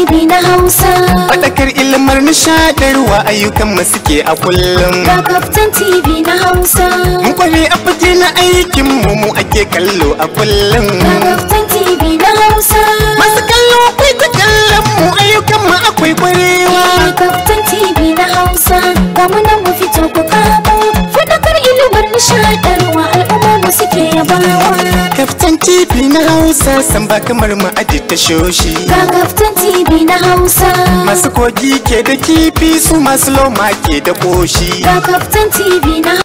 TV na Hausa. Fadakar ilmar nishadarwa ayyukan masu ke a kullum. Ga Kaftan TV na Hausa. Mu a fage na aikin mu mu ake kallo a kullum. Ga Kaftan TV na Hausa. Masu kallo akwai ta kallon mu ayyukan mu akwai kwarewa. Ga Kaftan TV na Hausa. Ga mu mu fito ku kaba. kalmar nishadarwa al'umma mu suke yabawa kaftan tv na hausa san ba kamar mu aji ta shoshi ga kaftan tv na hausa masu kogi ke da kifi su masu loma ke da koshi ga kaftan tv na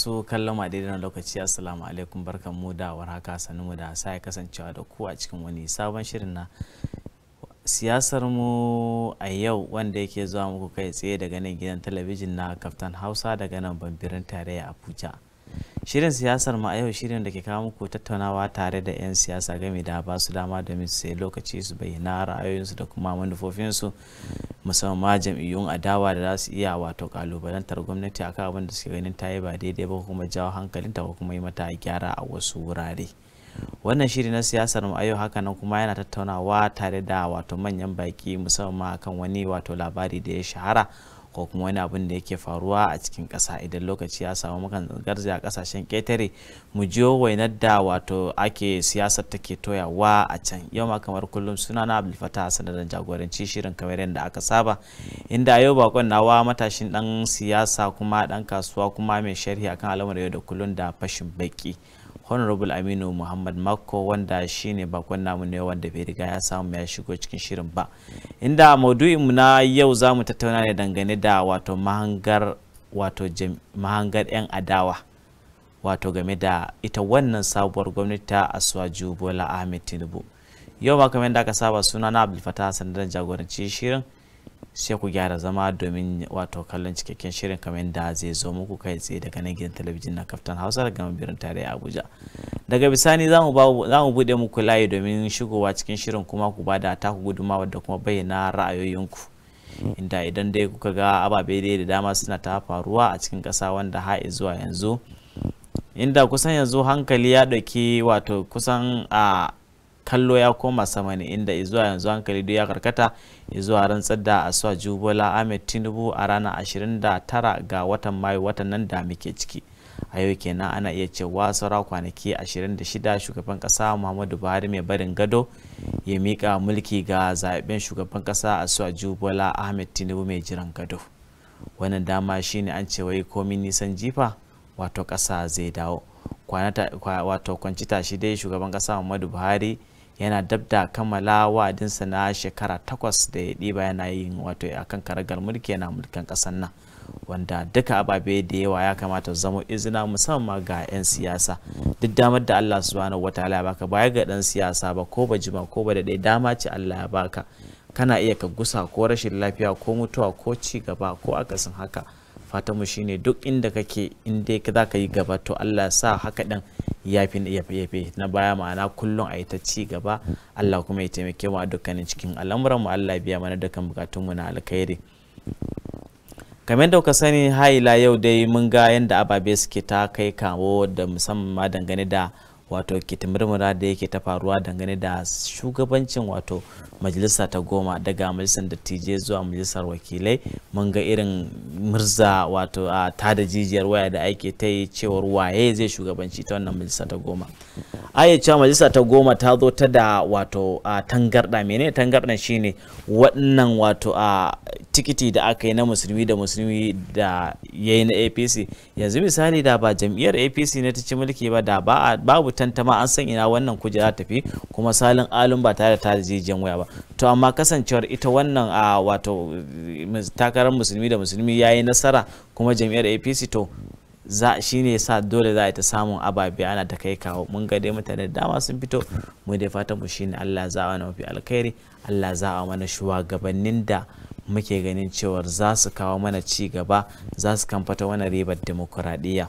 masu kallon ma daidai lokaci assalamu alaikum barkan mu da warhaka sannu mu da sai kasancewa da ku a cikin wani sabon shirin na siyasar mu a yau wanda yake zuwa muku kai tsaye daga nan gidan talabijin na kaftan hausa daga nan bambirin tarayya abuja Shirin siyasar ma yau shirin da ke kawo muku tattaunawa tare da 'yan siyasa game da ba su dama da su sai lokaci su bayyana ra'ayoyinsu da kuma manufofinsu musamman ma jam'iyyun adawa da za su iya wato kalubalantar gwamnati akan abin da suke ganin ta yi ba daidai ba kuma jawo hankalinta ko kuma yi mata gyara a wasu wurare. wannan shiri na siyasar mu a yau nan kuma yana tattaunawa tare da wato manyan baki musamman akan wani wato labari da ya shahara ko kuma wani abin da yake faruwa a cikin ƙasa idan lokaci ya samu mukan garzaya a ƙasashen ƙetare mu je wainar da wato ake siyasar take toyawa a can yau ma kamar kullum suna na abdulfata a sanadin jagoranci shirin kamar yadda aka saba inda yau bakon nawa matashin dan siyasa kuma dan kasuwa kuma mai sharhi akan al'amuran yau da kullum da fashin baki honorable aminu muhammad mako wanda shine bakon namu ne wanda bai riga ya samu ya shigo cikin shirin ba inda mauduin mu na yau za mu tattauna ne dangane da wato mahangar wato mahangar 'yan adawa wato game da ita wannan sabuwar gwamnati ta asuwaju bola ahmed tinubu yau ma kamar yadda aka saba suna na abdulfatah sanadar jagoranci shirin sai ku gyara zama domin wato kallon cikakken shirin kamar da zai zo muku kai tsaye daga nan gidan talabijin na kaftan hausa daga birnin tare abuja daga bisani za mu buɗe muku layi domin shigowa cikin shirin kuma ku ba da taku gudumawa da kuma bayyana ra'ayoyinku inda idan dai kuka ga ababe dai da dama suna ta faruwa a cikin kasa wanda ha zuwa yanzu inda kusan yanzu hankali ya dauki wato kusan a kallo ya koma sama ne inda zuwa yanzu hankali duk ya karkata zuwa rantsar da asuwa jubola ahmed tinubu a ranar 29 ga watan mayu watan nan da muke ciki a yau kenan ana iya cewa saura kwanaki 26 shugaban kasa muhammadu buhari mai barin gado ya miƙa mulki ga zaɓen shugaban kasa asuwa jubola ahmed tinubu mai jiran gado wannan dama shine an ce wai komi nisan jifa wato kasa zai dawo wato kwanci tashi dai shugaban kasa muhammadu buhari yana dab da kammala wa'adinsa na shekara takwas da ya ɗiba yana yin wato akan karagar mulki yana mulkin ƙasar nan wanda duka ababe da yawa ya kamata zama izina musamman ga 'yan siyasa duk damar da Allah subhanahu wata ya baka baya ga ɗan siyasa ba ko ba jima ko ba daɗe dama ce Allah ya baka kana iya ka gusa ko rashin lafiya ko mutuwa ko ci gaba ko akasin haka fata mu shine duk inda kake in dai za ka yi gaba to Allah sa haka fi yafi yafe na baya ma'ana kullum a yi ta ci gaba Allah kuma ya taimake mu a dukkanin cikin al'amuranmu Allah biya mana dukkan bukatunmu na alkhairi kamar da kuka sani haila yau dai mun ga yadda ababe suke ta kai kawo da musamman dangane da wato kitimurmura da yake ta faruwa dangane da shugabancin wato majalisa ta goma daga majalisar dattijai zuwa majalisar wakilai mun ga irin murza wato a tada jijiyar waya da ake ta yi cewar waye zai shugabanci ta wannan majalisa ta goma aya cewa majalisa ta goma ta zo ta da wato a tangarda menene shi shine waɗannan wato a tikiti da aka yi na musulmi da musulmi da yayi na apc yanzu misali da ba jam'iyyar apc ne ta ci mulki ba da babu tantama an san ina wannan kujera tafi kuma salin alun ba tare da ta jijiyan waya ba to amma kasancewar ita wannan a wato takarar musulmi da musulmi ya yi nasara kuma jam'iyyar apc to za shi ne sa dole za a ta samun ababe ana ta kai kawo mun ga dai mutane da dama sun fito mu dai fatan mu shine Allah za a mafi alkhairi Allah za a mana shugabannin da muke ganin cewar za su kawo mana ci gaba za su kamfata wani ribar demokuraɗiyya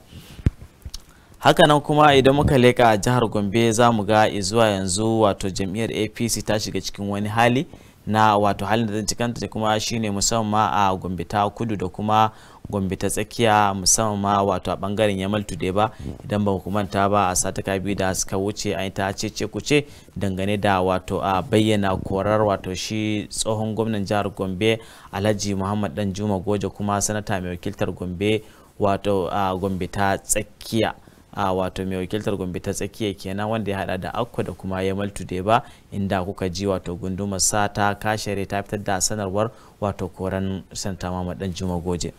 hakanan kuma idan muka leka a jihar gombe za mu ga zuwa yanzu wato jam'iyyar apc ta shiga cikin wani hali na wato halin da zan cikanta kuma shine musamman a gombe ta kudu da kuma gombe ta tsakiya musamman ma wato a bangaren yamal today ba idan ba hukumanta ba a sataka biyu da suka wuce a ta cece kuce dangane da wato a bayyana korar wato shi tsohon gwamnan jihar gombe alhaji muhammad dan juma goje kuma sanata mai wakiltar gombe wato a gombe ta tsakiya a wato mai wakiltar gombe ta tsakiya kenan wanda ya hada da akwa da kuma yamal today ba inda kuka ji wato gundumar sa ta kashere ta fitar da sanarwar wato koran santa mama dan juma goje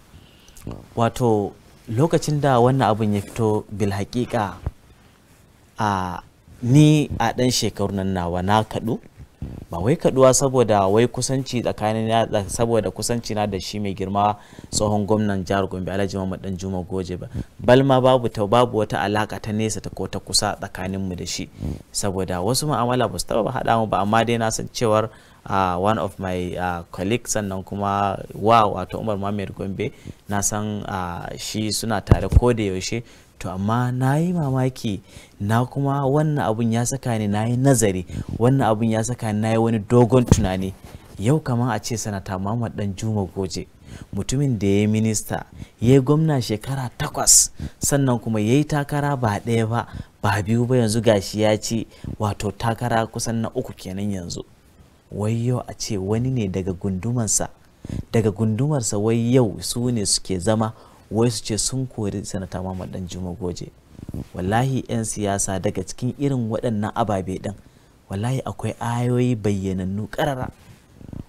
wato lokacin da wannan abin ya fito bil a ni a ɗan shekaru nan nawa na kaɗu ba wai kaɗuwa saboda wai kusanci tsakanin saboda kusanci na da shi mai girma tsohon gwamnan jihar gombe alhaji muhammad dan juma goje ba balma babu ta babu wata alaka ta nesa ta ko ta kusa tsakaninmu da shi saboda wasu ma'amala ba su taba haɗa mu ba amma dai na san cewar uh, one of my uh, colleagues sannan kuma wa wato umar mamayar gombe na san uh, shi suna tare ko da yaushe to amma na yi mamaki na kuma wannan abun ya saka ni na yi nazari wannan abun ya saka ni na yi wani dogon tunani yau kamar a ce sanata muhammad dan juma goje mutumin da ya yi minista ya yi gwamna shekara takwas sannan kuma ya yi takara ba ɗaya ba ba biyu ba yanzu gashi ya ci wato takara kusan na uku kenan yanzu wai yau a ce wani ne daga gundumarsa daga gundumarsa wai yau su ne suke zama wai su ce sun kori sanata mamman dan juma goje wallahi 'yan siyasa daga cikin irin waɗannan ababe ɗin wallahi akwai ayoyi bayyanannu ƙarara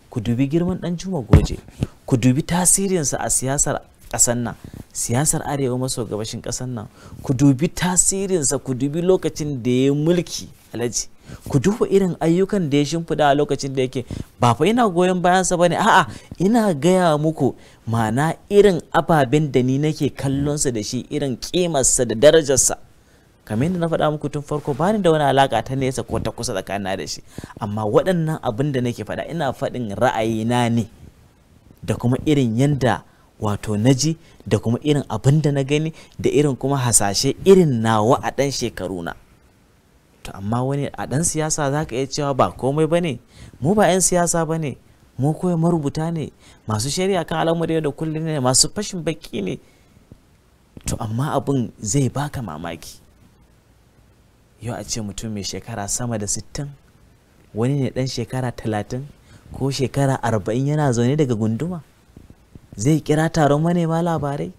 ku dubi girman dan juma goje ku dubi tasirinsa a siyasar ƙasar nan siyasar arewa maso gabashin ƙasar nan ku dubi tasirinsa ku dubi lokacin da ya mulki alaji ku duba irin ayyukan da ya shimfiɗa a lokacin da yake ba fa ina goyon bayansa ba ne a'a ina gaya muku mana irin ababen da ni nake kallonsa da shi irin kimarsa da darajarsa kamar yadda na faɗa muku tun farko ba ni da wani alaƙa ta nesa ko ta kusa tsakanina da shi amma waɗannan abin da nake faɗa ina faɗin ra'ayina ne da kuma irin yadda wato naji da kuma irin abin da na gani da irin kuma hasashe irin nawa a ɗan shekaruna to amma wani a ɗan siyasa za ka iya cewa ba komai ba ne mu ba 'yan siyasa ba ne mu kawai marubuta ne masu shari'a kan al'amari da kullum ne masu fashin baki ne to amma abin zai baka mamaki yau a ce mutum mai shekara sama da sittin wani ne ɗan shekara talatin ko shekara arba'in yana zaune daga gunduma zai kira taron manema labarai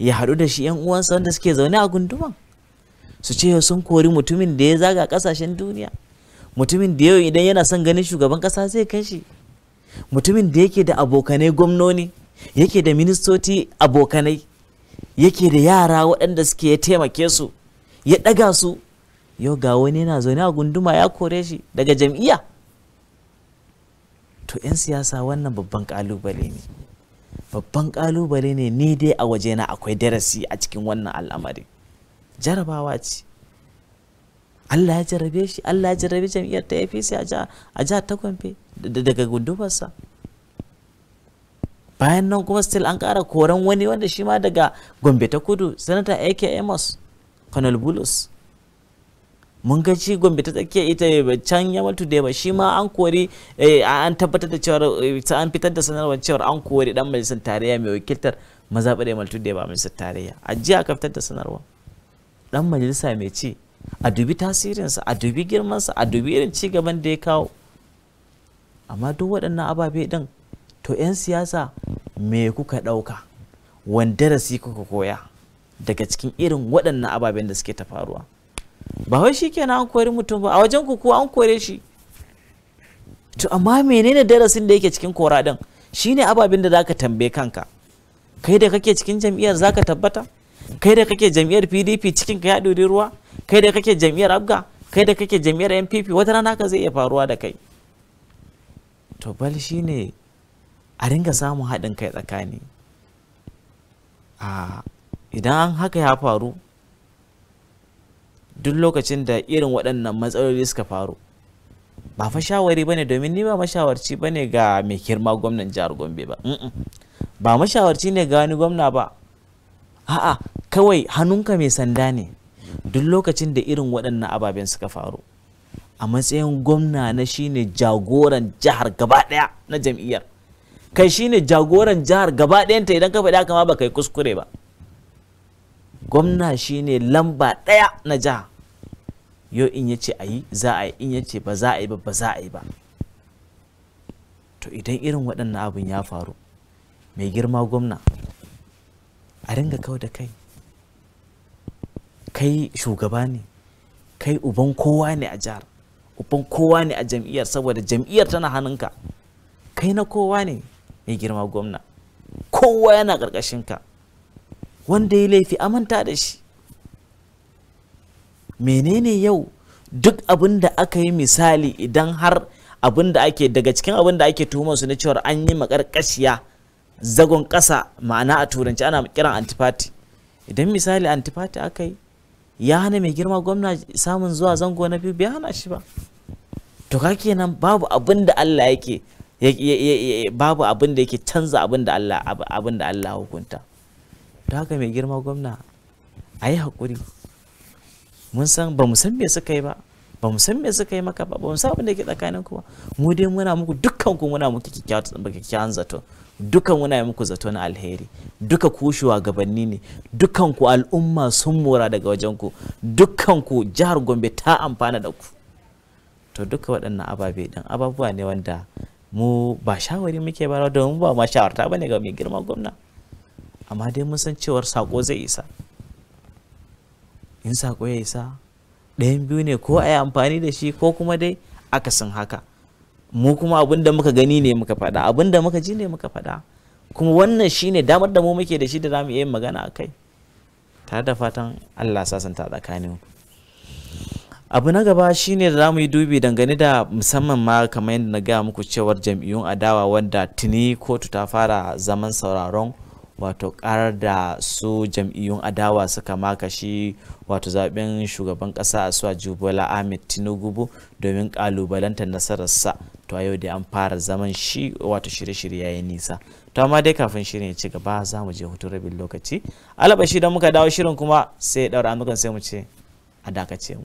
ya haɗu da shi 'yan uwansa wanda suke zaune a gunduman su ce sun kori mutumin da ya zaga kasashen duniya mutumin da yau idan yana son ganin shugaban kasa zai kai mutumin da yake da abokanai gwamnoni yake da ministoci abokanai yake da yara waɗanda suke ya taimake su ya ɗaga su yau ga wani yana zaune a gunduma ya kore shi daga jam'iyya to 'yan siyasa wannan babban ƙalubale ne babban ƙalubale ne ni dai a wajena akwai darasi a cikin wannan al'amari jarabawa ce allah ya jarabe shi allah ya jarabe jam'iyyar ta apc a jihar ta kwamfe daga gundumarsa bayan nan kuma still an kara koran wani wanda shi ma daga gombe ta kudu sanata ak amos colonel bulus mun ga shi gombe ta tsakiya ita can ya mutu da ba shi ma an kori eh, an tabbatar da cewar eh, an fitar da sanarwar cewar an kori dan majalisar tarayya mai wakiltar maza ya mutu da ba majalisar tarayya a jiya aka fitar da sanarwar dan majalisa mai ci a dubi tasirinsa a dubi girmansa a dubi irin cigaban da ya kawo amma duk waɗannan ababe ɗin to 'yan siyasa me kuka ɗauka da darasi kuka koya daga cikin irin waɗannan ababen da suke ta faruwa ba wai shi kenan an kori mutum ba a wajen ku an kore shi to amma menene darasin da yake cikin kora ɗin shine ababen da zaka tambaye kanka kai da kake cikin jam'iyyar zaka tabbata kai da kake jam'iyyar pdp cikin ka ya ɗori ruwa kai da kake jam'iyyar abga kai da kake jam'iyyar npp wata rana ka zai iya faruwa da kai to bal shi ne a ringa samun haɗin kai tsakani idan an haka ya faru duk lokacin da irin waɗannan matsaloli suka faru ba fa shawari ba ne domin ni ba mashawarci ne ga mai girma gwamnan jihar Gombe ba ba mashawarci ne ga wani gwamna ba a'a kawai hannunka mai sanda ne duk lokacin da irin waɗannan ababen suka faru a matsayin gwamna na shine jagoran jihar gaba ɗaya na jam'iyyar kai shine jagoran jihar gaba ɗayanta idan ka faɗi haka ma ba kai kuskure ba gwamna shine lamba ɗaya na jiha yo in ya ce a yi za a yi in ya ce ba za a yi ba ba za a yi ba to idan irin waɗannan abin ya faru mai girma gwamna a ringa kawai da kai kai shugaba ne kai uban kowa ne a jihar uban kowa ne a jam'iyyar saboda jam'iyyar tana hannunka kai na kowa ne mai girma gwamna kowa yana karkashin ka wanda ya laifi amanta da shi menene yau duk abin da aka yi misali idan har abin da ake daga cikin abin da ake tuhumar su na cewar an yi makarkashiya zagon ƙasa ma'ana a turanci ana kiran antifati idan misali antifati aka yi ya hana mai girma gwamna samun zuwa zango na biyu bai hana shi ba to ka kenan babu abin da Allah yake babu abin da yake canza abin da Allah abin da Allah hukunta to haka mai girma gwamna a yi haƙuri mun san ba mu san me suka yi ba ba mu san me suka yi maka ba ba mu san abin da yake tsakanin ku ba mu dai muna muku dukkan ku muna muku kikkiawa zato dukan muna yi muku zato na alheri duka ku shugabanni ne dukan ku al'umma sun mora daga wajen ku dukan ku jihar Gombe ta amfana da ku to duka waɗannan ababe din ababuwa ne wanda mu ba shawari muke bara domin ba ma shawarta bane ga mai girma gwamna amma dai mun san cewar sako zai isa in sako ya isa ɗayan biyu ne ko a yi amfani da shi ko kuma dai akasin haka mu kuma abin da muka gani ne muka faɗa abin da muka ji ne muka faɗa kuma wannan shine damar da mu muke da shi da zamu iya magana a kai tare da fatan Allah sasanta tsakanin abu na gaba shine da zamu yi dubi dangane da musamman ma kamar yadda na gaya muku cewar jam'iyyun adawa wanda tuni kotu ta fara zaman sauraron wato karar da su jam'iyyun adawa suka maka shi wato zaben shugaban kasa a suwa jubola ahmed tinubu domin kalubalantar nasararsa to a yau da an fara zaman shi wato shirye-shirye yi nisa to amma dai kafin shirin ya ci gaba za mu je hutun rabin lokaci alaba shi da muka dawo shirin kuma sai ya daura amukan sai mu ce a dakace mu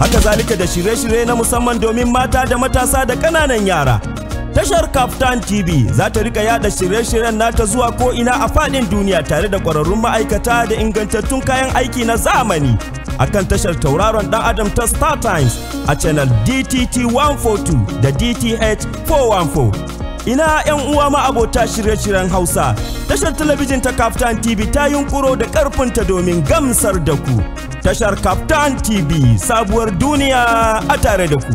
haka zalika da shirye-shirye na musamman domin mata da matasa da ƙananan yara tashar Kaftan TV za ta rika yada shirye-shiryen nata zuwa ko'ina a faɗin duniya tare da ƙwararrun ma'aikata da ingantattun kayan aiki na zamani. Akan tashar tauraron ɗan Adam ta Star Times a channel DTT 142 da DTH 414. Ina 'yan uwa ma abota shirye-shiryen Hausa, tashar talabijin ta Kaftan TV ta yunkuro da ƙarfinta domin gamsar da ku. Tashar Kaftan TV sabuwar duniya a tare da ku.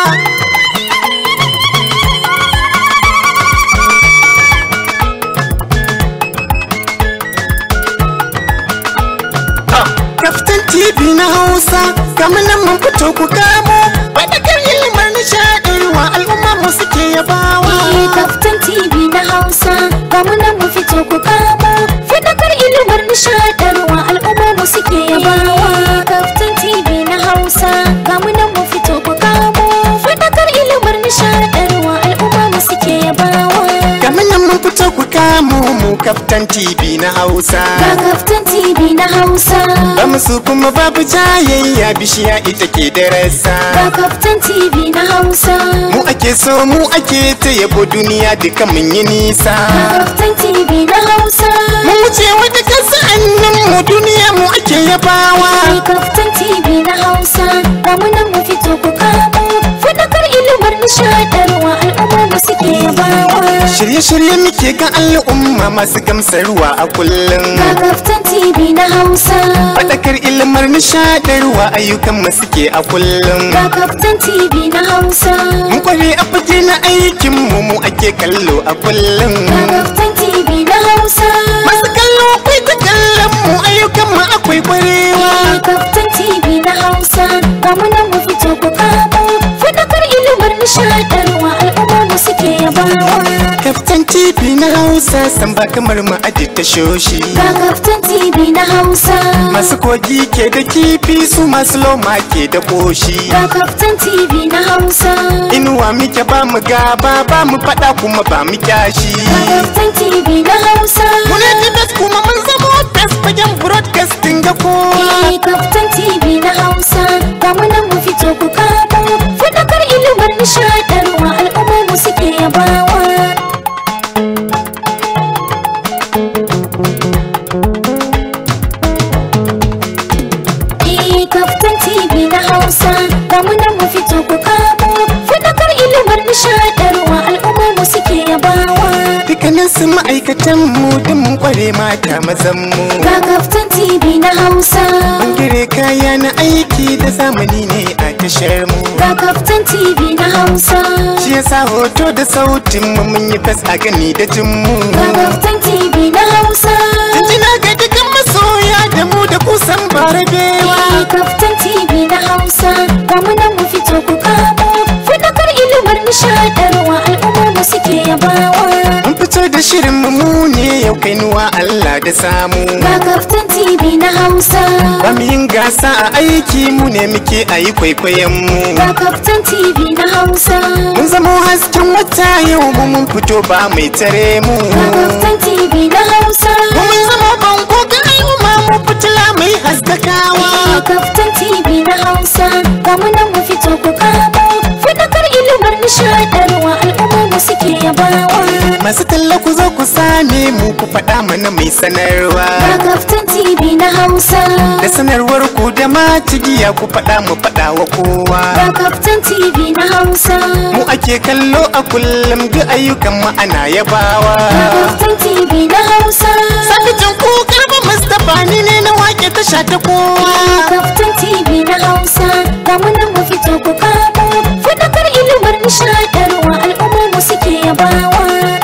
Kaftan TV na Hausa, kamar nan mun fito ku kamo, faɗakar ilimin nishaɗarwa al'umma mu suke bawa. Kaftan eh, TV na Hausa, kamar nan mun fito ku kamo, faɗakar ilimin nishaɗarwa al'umma mu suke bawa. Eh, nishadarwa al'umma mu suke yabawa kamar nan mun fito ku kamo mu kaftan tv na hausa ga kaftan tv na hausa ba musu kuma babu jayayya bishiya ita ke darasa ga kaftan tv na hausa mu ake so mu ake ta yabo duniya duka mun yi nisa ga kaftan tv na hausa mu wuce wata kasa annan mu duniya mu ake yabawa ga kaftan tv na hausa ba mu nan mu fito ku kama nishadarwa al'umma suke bawa shirye-shirye muke ga al'umma masu gamsarwa a kullum gagaftan tv na hausa fadakar ilimar nishadarwa ayyukan mu suke a kullum gagaftan tv na hausa mu kware a fage na aikin mu mu ake kallo a kullum gagaftan tv na hausa masu kallo akwai ta kallon mu ayyukan mu akwai kwarewa gagaftan tv na hausa ba mu nan mu fito ku kama nishaɗarwa al'ummar mu suke yabawa kaftan tv na hausa san ba kamar mu aje ta shoshi ga kaftan tv na hausa masu kogi ke da kifi su masu loma ke da koshi ga kaftan tv na hausa inuwa muke ba mu gaba ba mu faɗa kuma ba mu kyashi ga kaftan tv na hausa muna da best kuma mun zama best fagen broadcasting ga kowa eh kaftan tv na hausa ga mu nan mu fito ku kaba nishaɗarwa al'ummarmu suke yabawa eh, Kaftan TV na Hausa, ga mu mu fito ku kamo, fadakar ilimar nishaɗi. dukkanin su ma'aikatan mu dun kware mata mazan mu kaftan tv na hausa bangare kaya na aiki da zamani ne a tashar mu kaftan tv na hausa shi yasa hoto da sautin mu mun yi fas a gani da jin mu kaftan tv na hausa jinjina ga dukkan masoya da mu da kusan barabewa kaftan tv na hausa ga mu nan mu fito ku kamo fadakar ilimar nishadarwa gabawa Mun fito da shirin mu ne yau kai nuwa Allah da samu Ga kaftan TV na Hausa Ba mu yin gasa a aiki mu ne muke ayi kwaikwayon mu Ga kaftan TV na Hausa Mun zamo hasken wata yau mu mun fito ba mai tare mu Ga kaftan TV na Hausa Mun zamo bango ga mu ma mu fitila mai haskakawa Ga kaftan TV na Hausa Ga mu nan mu fito ku kamo Fadakar ilimin nishadar. rabawa masu talla ku zo ku same mu ku faɗa mana mai sanarwa ga kaftan tv na hausa da sanarwar ku da ma cigiya ku faɗa mu faɗa wa kowa ga kaftan tv na hausa mu ake kallo a kullum duk ayyukan mu ana yabawa ga kaftan tv na hausa sakacin ku karfa mustapha ni ne na wake tasha ta kowa kaftan tv na hausa ga mu nan mu fito ku kamo fadakar ilimin nishaɗarwa suke yabawa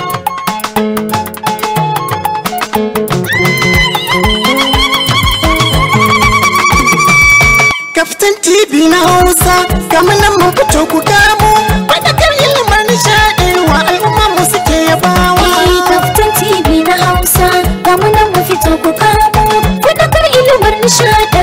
kaftan tv na hausa kamar nan mun fito ku kamo faɗakar ilimin nishaɗi wa al'umma mu suke bawa. Eh, kaftan tv na hausa kamar nan mun fito ku kamo faɗakar ilimin nishaɗi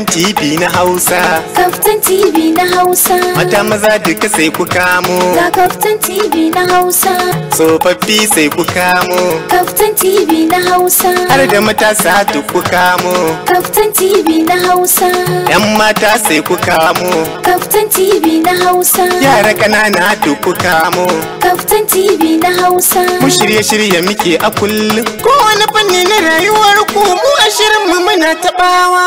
Saftan TV na Hausa. Saftan TV na Hausa. Mata maza duka sai ku kamo. Ga Kaftan TV na Hausa. Tsofaffi sai ku kamo. Kaftan TV na Hausa. Har da matasa duk ku kamo. Kaftan TV na Hausa. Yan mata sai ku kamo. Kaftan TV na Hausa. Yara ƙanana duk ku kamo. Kaftan TV na Hausa. Mu shirye-shirye muke a kullum. Kowane fanni na rayuwar ku mu a shirin mu muna taɓawa.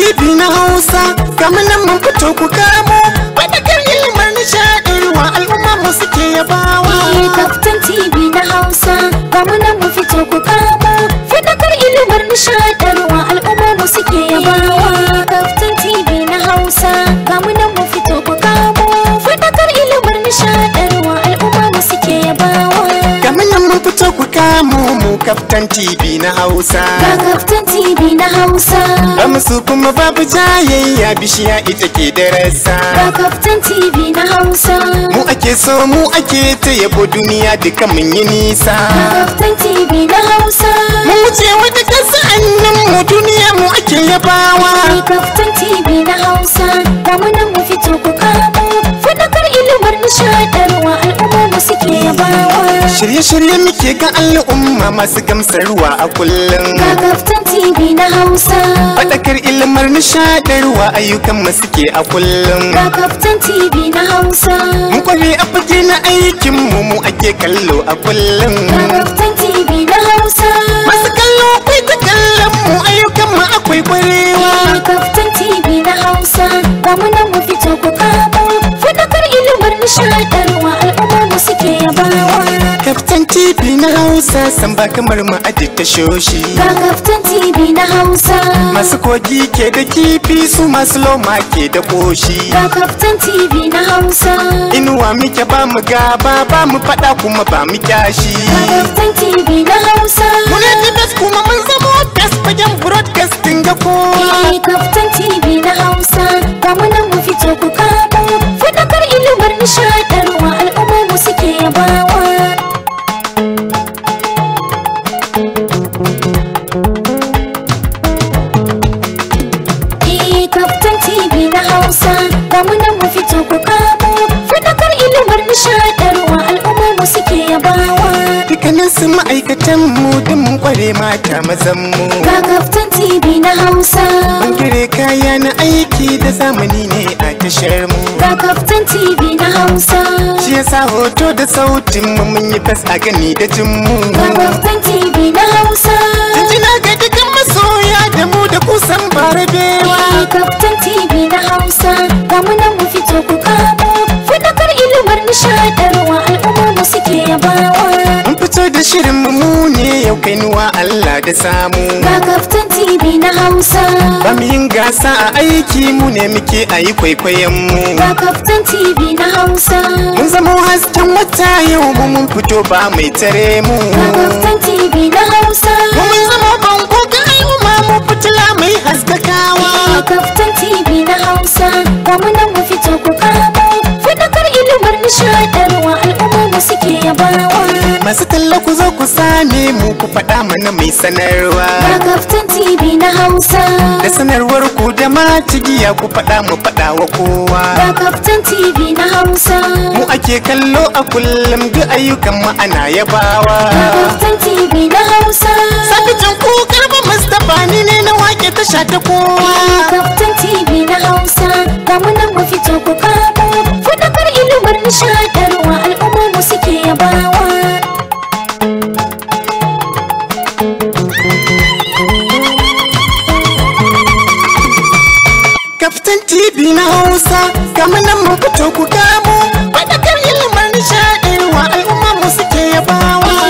kilibi na hausa gamu nan mun fito ku kamo nishaɗarwa al'umma mu suke bawa eh kaftan tv na hausa gamu fito ku faɗakar ilimin nishaɗarwa al'umma mu suke kaftan na hausa mun fito ku kamo mu kaftan TV na Hausa. ka kaftan TV na Hausa. Ba musu kuma babu jayayya bishiya ita ke darasa. ka kaftan TV na Hausa. Mu ake so mu ake ta yabo duniya duka mun yi nisa. ka kaftan TV na Hausa. Mu wuce wata ƙasa annan mu duniya mu ake yabawa. Ga kaftan TV na Hausa. Ga mu nan mu fito ku kamo damar nishaɗarwa al'umma masu ke yabawa shirye-shirye muke ga al'umma masu gamsarwa a kullum ga kaftan tv na hausa faɗakar ilmar nishaɗarwa ayyukanmu suke a kullum ga kaftan tv na hausa mu kware a fage na aikin mu mu ake kallo a kullum ga kaftan tv na hausa masu kallo kai ta kallon mu ayyukanmu mu akwai kwarewa ga kaftan tv na hausa ga mu nan mu fito ku kaba nishaɗarwa al'ummar mu suke yabawa kaftan tv na hausa san ba kamar mu a ta shoshi ga kaftan tv na hausa masu kogi ke da kifi su masu loma ke da koshi ga kaftan tv na hausa inuwa muke ba mu gaba ba mu faɗa kuma ba mu kyashi ga kaftan tv na hausa muna da bas kuma mun zamo bas fagen broadcasting ga kowa eh kaftan tv na hausa ga mu nan mu fito ku should dukkanin ma'aikatan mu dun kware mata mazan mu kaftan tv na hausa bangare kaya na aiki da zamani ne a tashar mu kaftan tv na hausa shi yasa hoto da sautin mu mun yi fas a gani da jin mu kaftan tv na hausa jinjina ga dukkan masoya da mu da kusan barabewa kaftan tv na hausa ga mu nan mu fito ku kamo fitakar ilimar nishadarwa da shirin mu ne yau nuwa Allah da samu ga kaftan TV na Hausa ba mu yin gasa a aiki mu ne muke ayi kwaikwayon mu ga kaftan TV na Hausa mun zama hasken wata yau mu mun fito ba mai tare mu ga kaftan TV na Hausa mun zama bango ga ayu ma mu fitila mai haskakawa ga kaftan TV na Hausa ba mu nan mu fito ku kama. fadakar ilimin nishadarwa al'umma mu suke yabawa masu talla ku zo ku same mu ku faɗa mana mai sanarwa da kaftan tv na hausa da sanarwar ku da ma cigiya ku faɗa mu faɗa wa kowa da kaftan tv na hausa mu ake kallo a kullum duk ayyukan mu ana yabawa da kaftan tv na hausa sakacin ku karba mustapha ni ne na wake tasha ta kowa kaftan tv na hausa ga mu nan mu fito ku kamo fadakar ilimin nishadarwa al'umma mu suke yabawa kaftan tv na hausa kama nan mu fito ku kamo faɗakar ilimin nishaɗi wa al'umma mu suke yabawa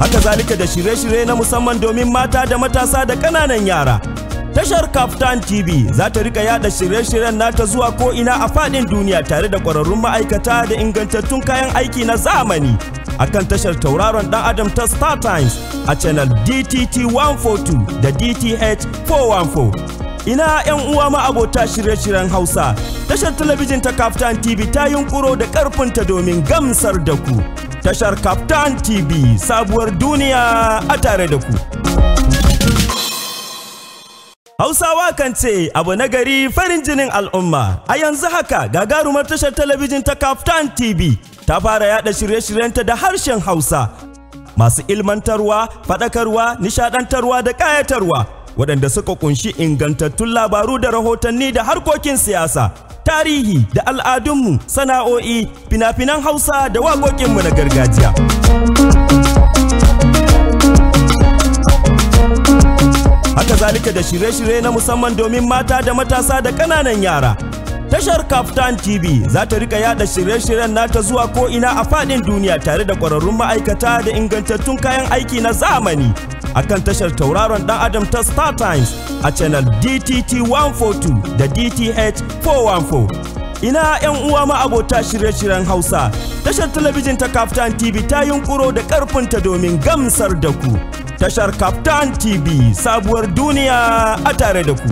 haka zalika da shirye-shirye na musamman domin mata da matasa da ƙananan yara tashar Kaftan TV za ta rika yada shirye-shiryen nata zuwa ko'ina a faɗin duniya tare da ƙwararrun ma'aikata da ingantattun kayan aiki na zamani. Akan tashar tauraron ɗan Adam ta Star Times a channel DTT 142 da DTH 414. Ina 'yan uwa ma'abota shirye-shiryen Hausa, tashar talabijin ta Kaftan TV ta yunkuro da ƙarfinta domin gamsar da ku. tashar Captain TV sabuwar duniya a tare da ku. Hausawa kan ce abu na gari farin jinin al'umma a yanzu haka gagarumar tashar talabijin ta Captain TV ta fara yada shirye-shiryenta da harshen Hausa masu ilmantarwa, faɗakarwa, nishadantarwa da ƙayatarwa. waɗanda suka kunshi ingantattun labaru da rahotanni da harkokin siyasa tarihi da al'adunmu sana'o'i fina-finan hausa da waƙoƙinmu na gargajiya haka zalika da shirye-shirye na musamman domin mata da matasa da ƙananan yara tashar Kaftan TV za ta rika yada shirye-shiryen nata zuwa ko ina a faɗin duniya tare da ƙwararrun ma'aikata da ingantattun kayan aiki na zamani. akan tashar tauraron dan adam ta Star Times a channel DTT 142 da DTH 414. Ina 'yan uwa ma'abota shirye-shiryen Hausa, tashar talabijin ta Kaftan TV ta yunkuro da ƙarfinta domin gamsar da ku. Tashar Kaftan TV sabuwar duniya a tare da ku.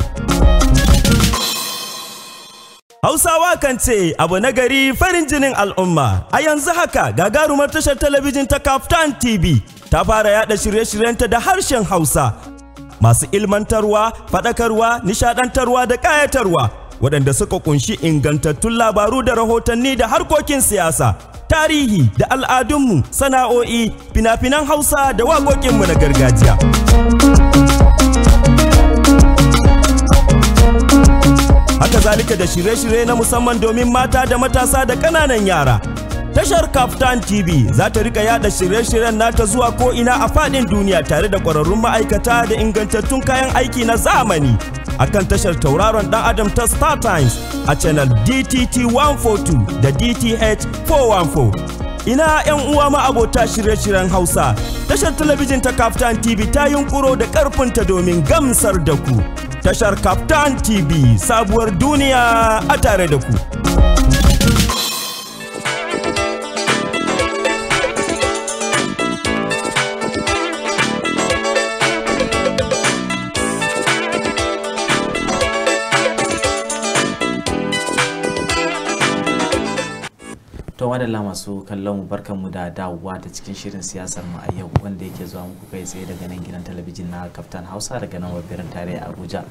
Hausawa kan ce abu na gari farin jinin al'umma, a yanzu haka gagarumar tashar talabijin ta Kaftan TV ta fara yada shirye-shiryenta da harshen Hausa masu ilmantarwa, faɗakarwa, nishadantarwa da ƙayatarwa waɗanda suka kunshi ingantattun labaru da rahotanni da harkokin siyasa, tarihi da al'adunmu, sana'o'i, fina-finan Hausa da waƙoƙinmu na gargajiya. haka zalika da shirye-shirye na musamman domin mata da matasa da ƙananan yara Tashar Kaftan TV za ta rika yada shirye-shiryen nata zuwa ko ina a faɗin duniya tare da ƙwararrun ma'aikata da ingantattun kayan aiki na zamani. Akan tashar tauraron ɗan Adam ta Star Times a channel DTT 142 da DTH 414. ina 'yan uwa ma'abota shirye-shiryen Hausa. Tashar talabijin ta Kaftan TV ta yunkuro da ƙarfinta domin gamsar da ku. Tashar Kaftan TV sabuwar duniya a tare da ku. To madalla masu kallon mu barkan mu da dawowa ta cikin shirin siyasar mu a yau wanda yake zuwa muku kai tsaye daga nan gidan talabijin na Kaftan Hausa daga nan wabirin a Abuja.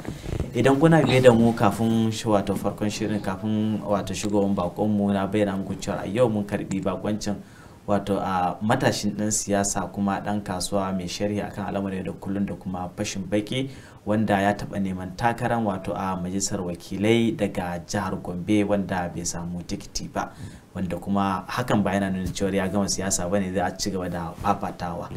Idan kuna biye da mu kafin wato farkon shirin kafin wato shigowar bakon mu na bayyana muku cewa a yau mun karbi bakoncin wato a matashin dan siyasa kuma dan kasuwa mai sharhi akan al'amarin da kullun da kuma fashin baki wanda ya taɓa neman takarar wato a majalisar wakilai daga jihar gombe wanda bai samu tikiti ba wanda kuma hakan ba yana nuna cewa ya gama siyasa bane zai a ci gaba da fafatawa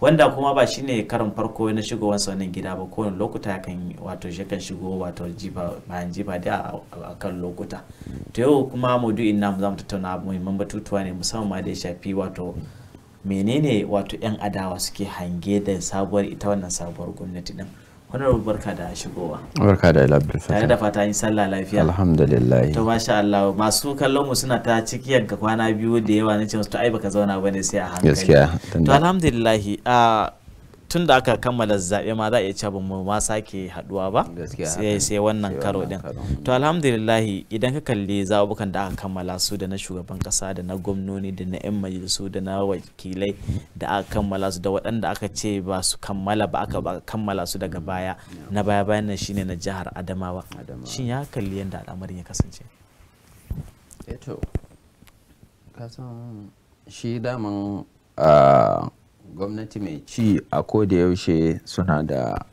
wanda kuma ba shine karin farko na shigowansa wannan gida ba kowane lokuta yakan wato yakan shigo wato jifa bayan jifa da a kan lokuta to yau kuma maudu'in namu zamu tattauna muhimman batutuwa ne musamman da ya shafi wato menene wato 'yan adawa suke hange da sabuwar ita wannan sabuwar gwamnati din honorable barka da shigowa barka da ilabir tare da fata yin sallah lafiya alhamdulillah to masha Allah masu kallon mu suna ta ciki yanka kwana biyu da yawa nace musu to ai baka zauna bane sai a hankali gaskiya to alhamdulillah ah, tun da aka kammala zaɓe ma za a iya cewa ba mu ma sake haɗuwa ba sai sai wannan karo din to alhamdulillah idan ka kalli zaɓukan da aka kammala su da na shugaban ƙasa da na gwamnoni da na 'yan majalisu da na wakilai da aka kammala su da waɗanda aka ce ba su kammala ba aka kammala su daga baya na baya bayan nan shine na jihar adamawa shin ya kalli yadda al'amarin ya kasance eto eh kasan shi daman ah, gwamnati mai ci a koda yaushe suna da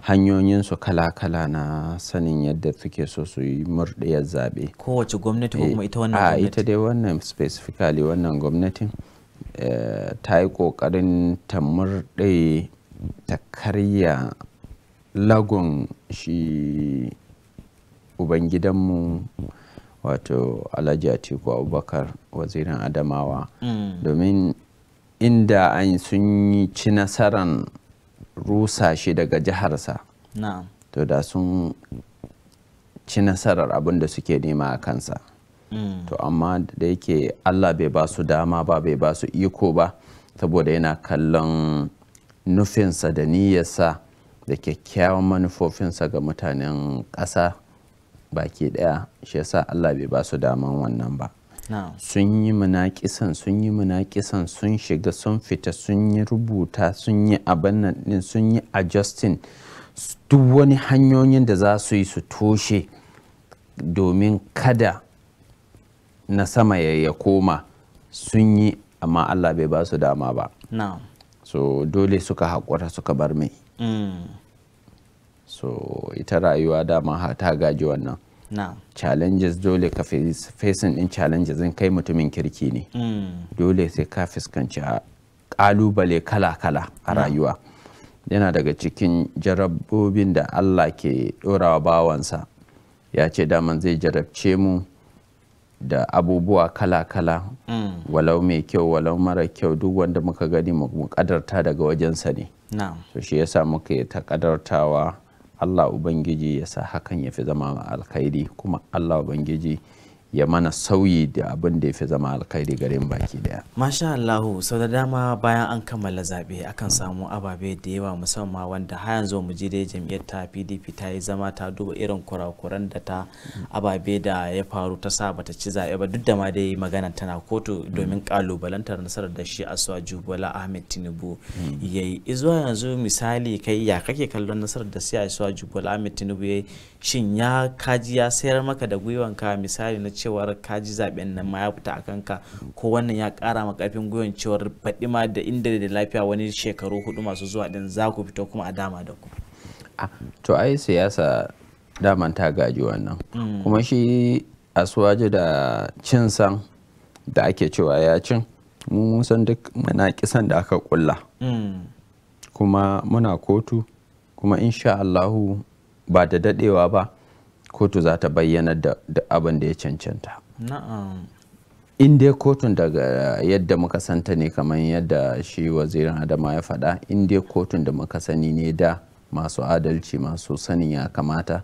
hanyoyinsu kala-kala na sanin yadda suke so su yi murɗiyar zaɓe. Kowace gwamnati ko kuma eh, ita wannan gwamnati? A ita dai wannan specifically wannan gwamnatin eh, ta yi ƙoƙarin ta murɗe ta karya lagon shi ubangidanmu wato alhaji atiku abubakar wazirin adamawa mm. domin inda an sun yi ci nasarar rusa shi daga jiharsa to da sun ci nasarar abin suke nema a kansa mm. to amma da yake allah bai ba su dama ba bai ba su iko ba saboda yana kallon nufinsa da niyyarsa da kyakkyawan manufofinsa ga mutanen ƙasa baki ɗaya shi yasa allah bai ba su daman wannan ba sun yi munaƙisan sun yi munaƙisan sun shiga sun fita sun yi rubuta sun yi abin sun yi adjusting duk wani hanyoyin da za su yi su toshe domin kada na sama ya koma sun yi amma Allah bai ba su dama ba so dole suka haƙura suka bar mai mm. so ita rayuwa dama ta gaji wannan challenges dole ka facing din challenges in kai mutumin kirki ne mm. dole sai ka fuskanci ah, kalubale kala-kala a rayuwa yana daga cikin jarabobin da Allah ke ɗorawa bawansa ya ce daman zai jarabce mu da abubuwa kala-kala mm. walau mai kyau walau mara kyau duk wanda muka gani mu kadarta daga wajensa ne so shi yasa muka yi ta kadartawa Allah Ubangiji ya sa hakan ya fi zama alkhairi kuma Allah Ubangiji ya mana sauyi da abin da ya fi zama alkhairi garin baki daya. Masha Allahu sau da dama bayan an kammala zaɓe akan samu ababe da yawa musamman wanda har yanzu mu ji dai jam'iyyar ta PDP ta yi zama ta duba irin kurakuran da ta ababe da ya faru ta sa bata ci zaɓe ba duk da ma dai magana tana kotu domin kalubalantar nasarar da shi Asuwaju Bola Ahmed Tinubu mm. yayi. Izuwa yanzu misali kai ya kake kallon nasarar da shi Asuwaju Bola Ahmed Tinubu yayi shin ya kaji ya sayar maka da gwiwanka misali na cewar kaji zaben nan ma ya fita a kanka ko wannan ya kara ma karfin gwiwan cewar baɗi ma da inda da lafiya wani shekaru hudu masu zuwa din za ku fito kuma a dama da ku to ai siyasa dama ta gaji wannan mm. kuma shi a suwaje da cin san da ake cewa ya cin mun san duk muna kisan da aka kulla mm. kuma muna kotu kuma insha Allahu ba da dadewa ba kotu za ta bayyana da abin da ya cancanta in dai kotun daga yadda muka santa ne kamar yadda shi wazirin adama ya faɗa in dai kotun da muka sani ne da masu adalci masu sani ya kamata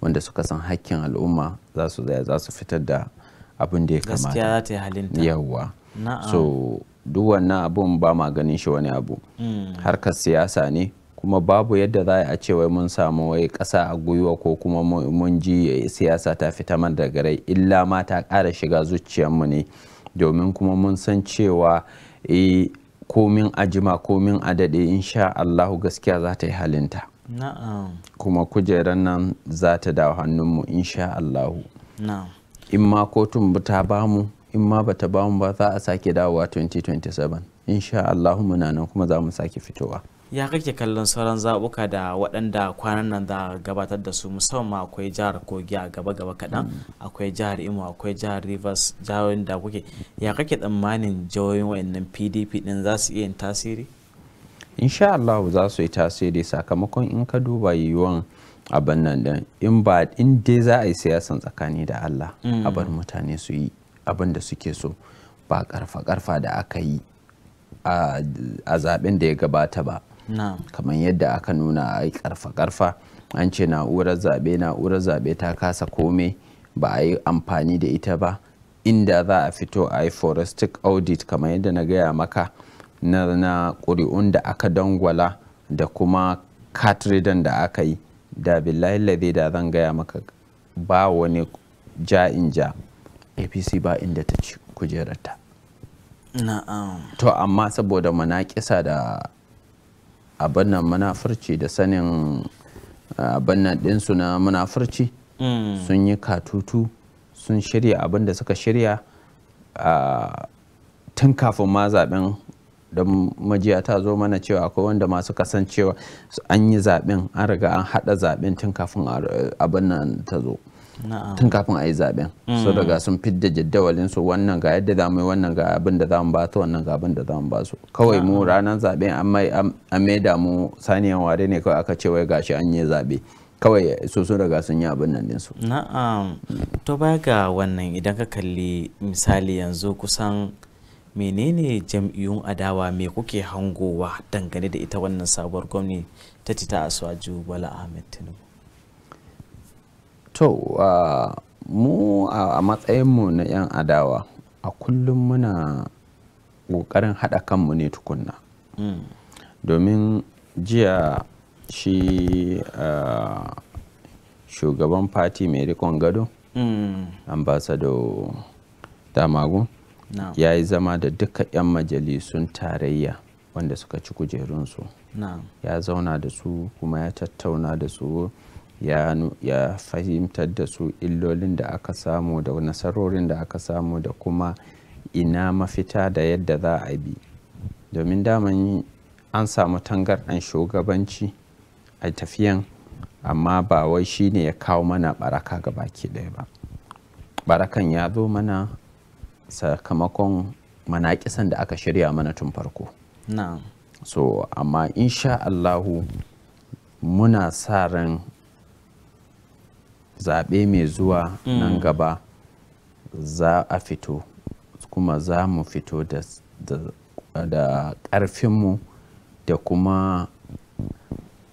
wanda suka san hakkin al'umma za su zaya za su fitar da abin da ya kamata za ta halinta yawwa so duk wannan abun ba ma ganin shi wani abu mm. harkar siyasa ne kuma babu yadda za a ce wai mun samu wai ƙasa a gwiwa ko kuma mun ji siyasa ta fita man daga rai illa ma ta ƙara shiga zuciyarmu ne domin kuma mun san cewa e, komin ajima komin adade insha Allahu gaskiya za ta yi halinta kuma kujerar nan za ta dawo hannunmu insha Allahu in ma kotun ta bamu in ma bata bamu ba za a sake dawowa 2027 insha Allahu muna nan kuma za mu sake fitowa ya kake kallon sauran zaɓuka da waɗanda kwanan nan da gabatar da su musamman akwai jihar kogi a gaba gaba kaɗan mm. akwai jihar imo akwai jihar rivers jihohin da kuke ya kake tsammanin jihohin wayannan pdp din za su iya yin tasiri insha allahu za su yi tasiri sakamakon in ka duba yiwuwan abin nan din in ba in dai za a yi siyasan tsakani da Allah a bar mm. mutane su yi abin da suke so ba karfa karfa da aka yi a zaben da ya gabata ba kamar yadda aka nuna a karfa-karfa an ce na'urar zaɓe na'urar zaɓe ta kasa kome ba a yi amfani da ita ba inda za a fito a yi forestic audit kamar yadda na gaya maka na, ƙuri'un da aka dangwala da kuma katridan da aka yi da billahi da zan gaya maka ba wani ja'in ja apc ba inda ta ci kujerarta na'am to amma saboda manaƙisa da abin nan munafurci da sanin eh, abin nan ɗinsu na munafurci hmm. sun yi katutu sun shirya abin da suka shirya tun kafin ma zaɓen da majiya ta zo mana cewa akwai wanda masu kasancewa an yi zaɓen an riga an haɗa zaɓen tun kafin eh, abin nan ta zo. tun kafin a yi zaben sun riga mm. sun fidda jaddawalin su wannan ga yadda za mu yi wannan ga abin da za mu ba su wannan ga abin da za mu ba su kawai mu ranar zaben an mai da mu saniyan ware ne kawai aka ce wai gashi an yi zabe kawai su sun riga sun yi abin nan su. na'am mm. to ba ga wannan idan ka kalli misali yanzu kusan menene jam'iyyun adawa me kuke hangowa dangane da ita wannan sabuwar gwamnati ta tita asuwaju bala ahmed tinubu to mu a matsayinmu na 'yan adawa a kullum muna ƙoƙarin haɗa kanmu ne tukunna mm. domin jiya shi shugaban fati mai rikon gado mm. ambasado damagu ya yi zama da duka 'yan majalisun tarayya wanda suka ci kujerunsu ya zauna da su kuma ya tattauna da su ya fahimtar da su illolin da aka samu da nasarorin da aka samu da kuma ina mafita da yadda za a bi domin daman an samu tangar tangarɗan shugabanci a tafiyan amma ba wai shi ne ya kawo mana baraka ga baki ɗaya ba barakan ya zo mana sakamakon manaƙisan da aka shirya mana tun farko so amma insha allahu muna sa ran zaɓe mai zuwa mm. nan gaba za a fito kuma za mu fito da ƙarfinmu da kuma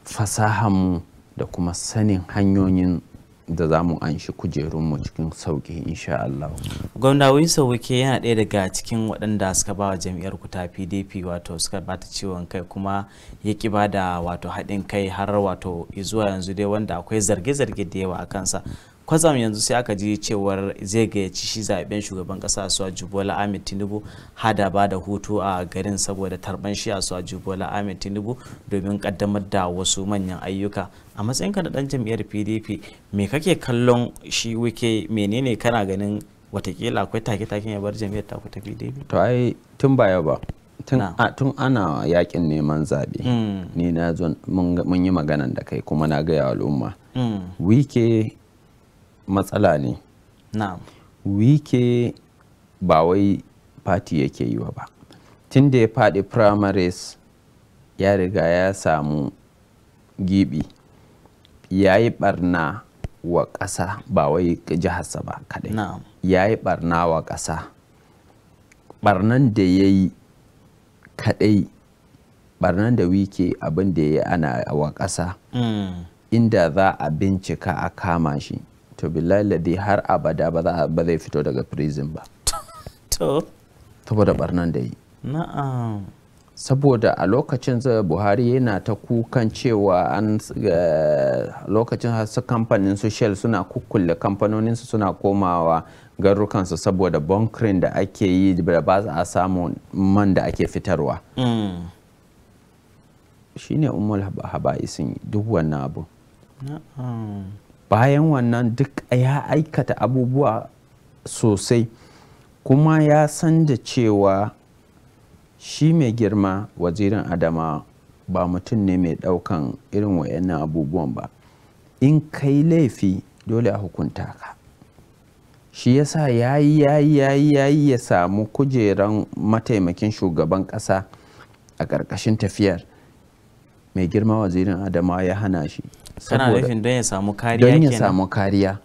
fasahanmu da kuma sanin hanyoyin da za mu anshi kujerunmu cikin sauƙi insha Allah. Gwamna Winsor Wike yana ɗaya daga cikin waɗanda suka ba wa jam'iyyar ku ta PDP wato suka ba ta ciwon kai kuma ya ki ba da wato haɗin kai har wato zuwa yanzu dai wanda akwai zarge-zarge da yawa a kansa kwazam yanzu sai aka ji cewar zai gayyaci shi zaben shugaban kasa a jubola ahmed tinubu hada ba da hutu a garin saboda tarban shi a su jubola ahmed tinubu domin kaddamar da wasu manyan ayyuka a matsayin ka da dan jam'iyyar pdp me kake kallon shi wike menene kana ganin watakila akwai take-taken ya bar jam'iyyar ta ta pdp to ai tun baya ba tun ana yakin neman zabe mm. ni na zo mun yi maganan da kai kuma na gaya al'umma mm. wike matsala ne wike ba wai fati yake yi wa ba tun da ya faɗi primaries ya riga ya samu gibi ya yi barna wa ƙasa ba wai jiharsa ba kadai ya yi barna wa ƙasa barnan da ya yi kadai barnan da wike abin da ya yi ana wa ƙasa mm. inda za a bincika a kama shi to billahi ladi har abada ba zai fito daga prison ba to saboda barnan da yi na'am saboda a lokacin buhari yana ta kukan cewa an eh, lokacin su kamfanin su shell suna kukkulle su suna komawa garurukansu saboda bunkering da ake yi da ba za a samu man da ake fitarwa mm. shine umar haba'isin duk wannan abu bayan wannan duk ya aikata abubuwa sosai kuma ya san da cewa shi mai girma wazirin adama ba mutum ne mai ɗaukan irin wayannan abubuwan ba in kai laifi dole a hukunta ka shi yasa ya yi ya yi ya samu kujeran mataimakin shugaban ƙasa a ƙarƙashin tafiyar mai girma wazirin adama ya hana shi kana nufin don ya samu kariya don ya samu kariya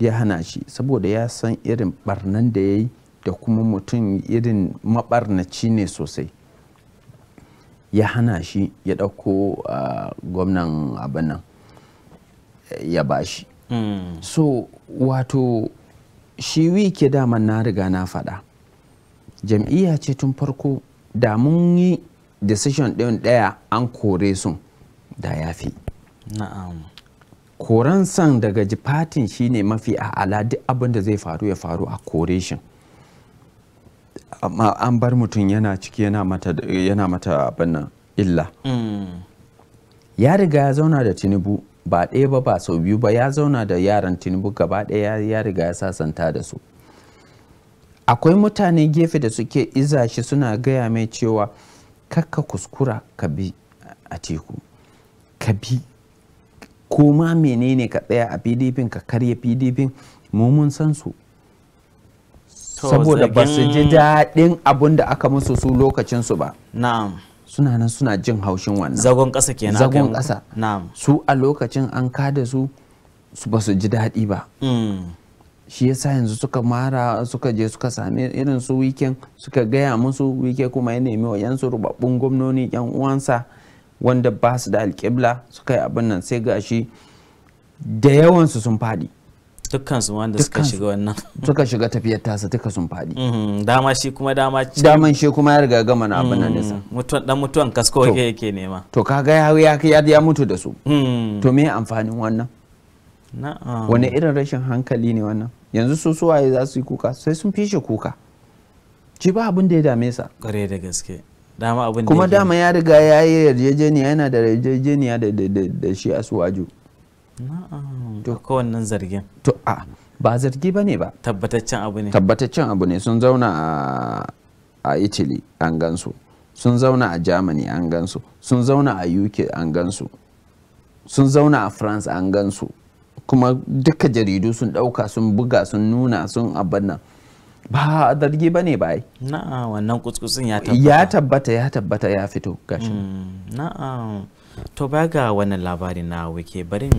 ya hana shi saboda ya san irin barnan da ya yi da kuma mutum irin mabarnaci ne sosai ya hana shi ya ɗauko ah, gwamnan abin nan eh, ya ba shi. Hmm. so wato shi wike daman na riga na faɗa jam'iyya ce tun farko da mun yi decision ɗin ɗaya an kore sun da ya fi na'am koran san daga jifatin shine mafi a duk abin da zai faru ya faru a kore shi amma an bar mutum yana ciki mata yana mata abin nan illa mm. ya riga ya zauna da tinubu ba ɗaya ba ba sau biyu ba ya zauna da yaran tinubu gaba ɗaya ya riga ya sasanta da su akwai mutane gefe da suke iza shi suna gaya mai cewa kakka kuskura ka bi a teku ka bi ko ma menene ka tsaya a pdp ka karya pdp mun san su saboda ba su ji daɗin abun da aka musu su lokacin su ba na'am suna nan suna jin haushin wannan zagon ƙasa kenan zagon ƙasa na'am su a lokacin an kada su su ba su ji daɗi ba mm. shi yasa yanzu suka mara suka je suka sami irin su weekend suka gaya musu wike kuma ya nemi wa yansu rubabbun gwamnoni yan uwansa wanda ba su da alƙibla suka yi abin nan sai gashi da yawansu sun faɗi dukkan su wanda suka shiga wannan suka shiga tafiyar tasa duka sun faɗi mm-hmm. dama shi kuma dama ci daman shi kuma ya riga gama na abin nan mm-hmm. nisa mutuwan dan mutuwan kasko yake yake nema to kaga ya ya ya mutu da su mm-hmm. to me amfanin wannan na'am wani irin rashin hankali ne wannan yanzu su suwaye za su yi kuka sai sun fishe kuka ci ba abin da ya dame sa kare da gaske dama abin kuma dama ya riga ya yi yarjejeniya yana da yarjejeniya da shi a suwaju to wannan zargin to a ba zargi ba ne ba tabbataccen abu ne tabbataccen abu ne sun zauna a italy an gansu sun zauna a germany an gansu sun zauna a uk an gansu sun zauna a france an gansu kuma duka jaridu sun dauka sun buga sun nuna sun abin nan ba zargi ba ne ba na na'a wannan kuskusin ya tabbata ya tabbata ya tabbata ya fito gashi na'a hmm, to ba ga wannan labarin na wike barin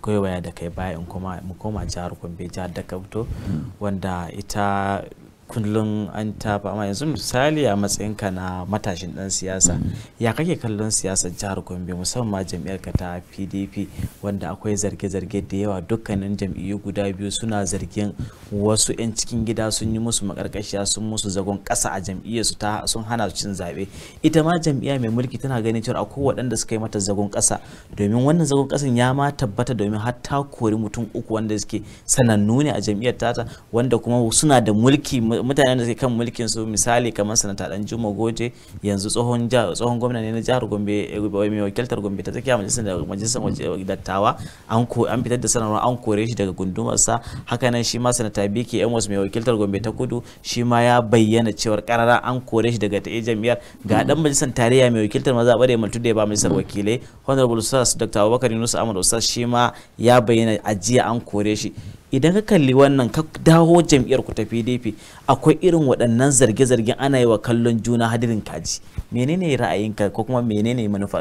koyowaya da kai bayan kuma mu koma jihar kwambe jihar da ka fito hmm. wanda ita kullum an tafa amma yanzu misali a matsayinka na matashin dan siyasa ya kake kallon siyasar jihar gombe musamman jam'iyyar ka ta pdp wanda akwai zarge-zarge da yawa dukkanin jam'iyyu guda biyu suna zargin wasu 'yan cikin gida sun yi musu makarkashiya sun musu zagon kasa a jam'iyyar su ta sun hana su cin zaɓe ita ma jam'iyya mai mulki tana ganin cewa akwai waɗanda suka yi mata zagon kasa domin wannan zagon kasan ya ma tabbata domin har ta kori mutum uku wanda suke sanannu ne a jam'iyyar tata wanda kuma suna da mulki mutanen da ke kan mulkin su misali kamar sanata dan juma goje yanzu tsohon tsohon gwamna ne na jihar gombe eh, mai wakiltar gombe ta tsakiya majalisar da majalisar eh, dattawa an ko an fitar da sanarwar an kore shi daga gundumar sa haka nan shi ma sanata biki yan wasu mai wakiltar gombe ta kudu shi ma ya bayyana cewar karara an kore shi daga ta jami'ar ga dan majalisar tarayya mai wakiltar maza bare mutu da ba majalisar wakilai honorable sas dr abubakar yunus ahmad ustaz shi ma ya bayyana ajiya an kore shi idan ka kalli wannan ka dawo jam'iyyar ku ta pdp akwai irin waɗannan zarge-zargen ana yi wa kallon juna hadirin kaji menene ra'ayinka ko kuma menene manufa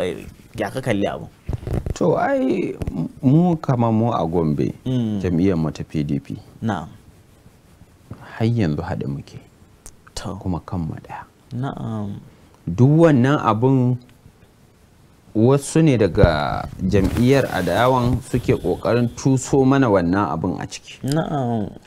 ya ka kalli abu to ai mu kama mu a gombe hmm. jam'iyyar mu ta pdp na'am har yanzu haɗe muke kuma kan mu na'am duk wannan abun wasu ne daga jam'iyyar adawan suke kokarin tuso mana wannan abin a ciki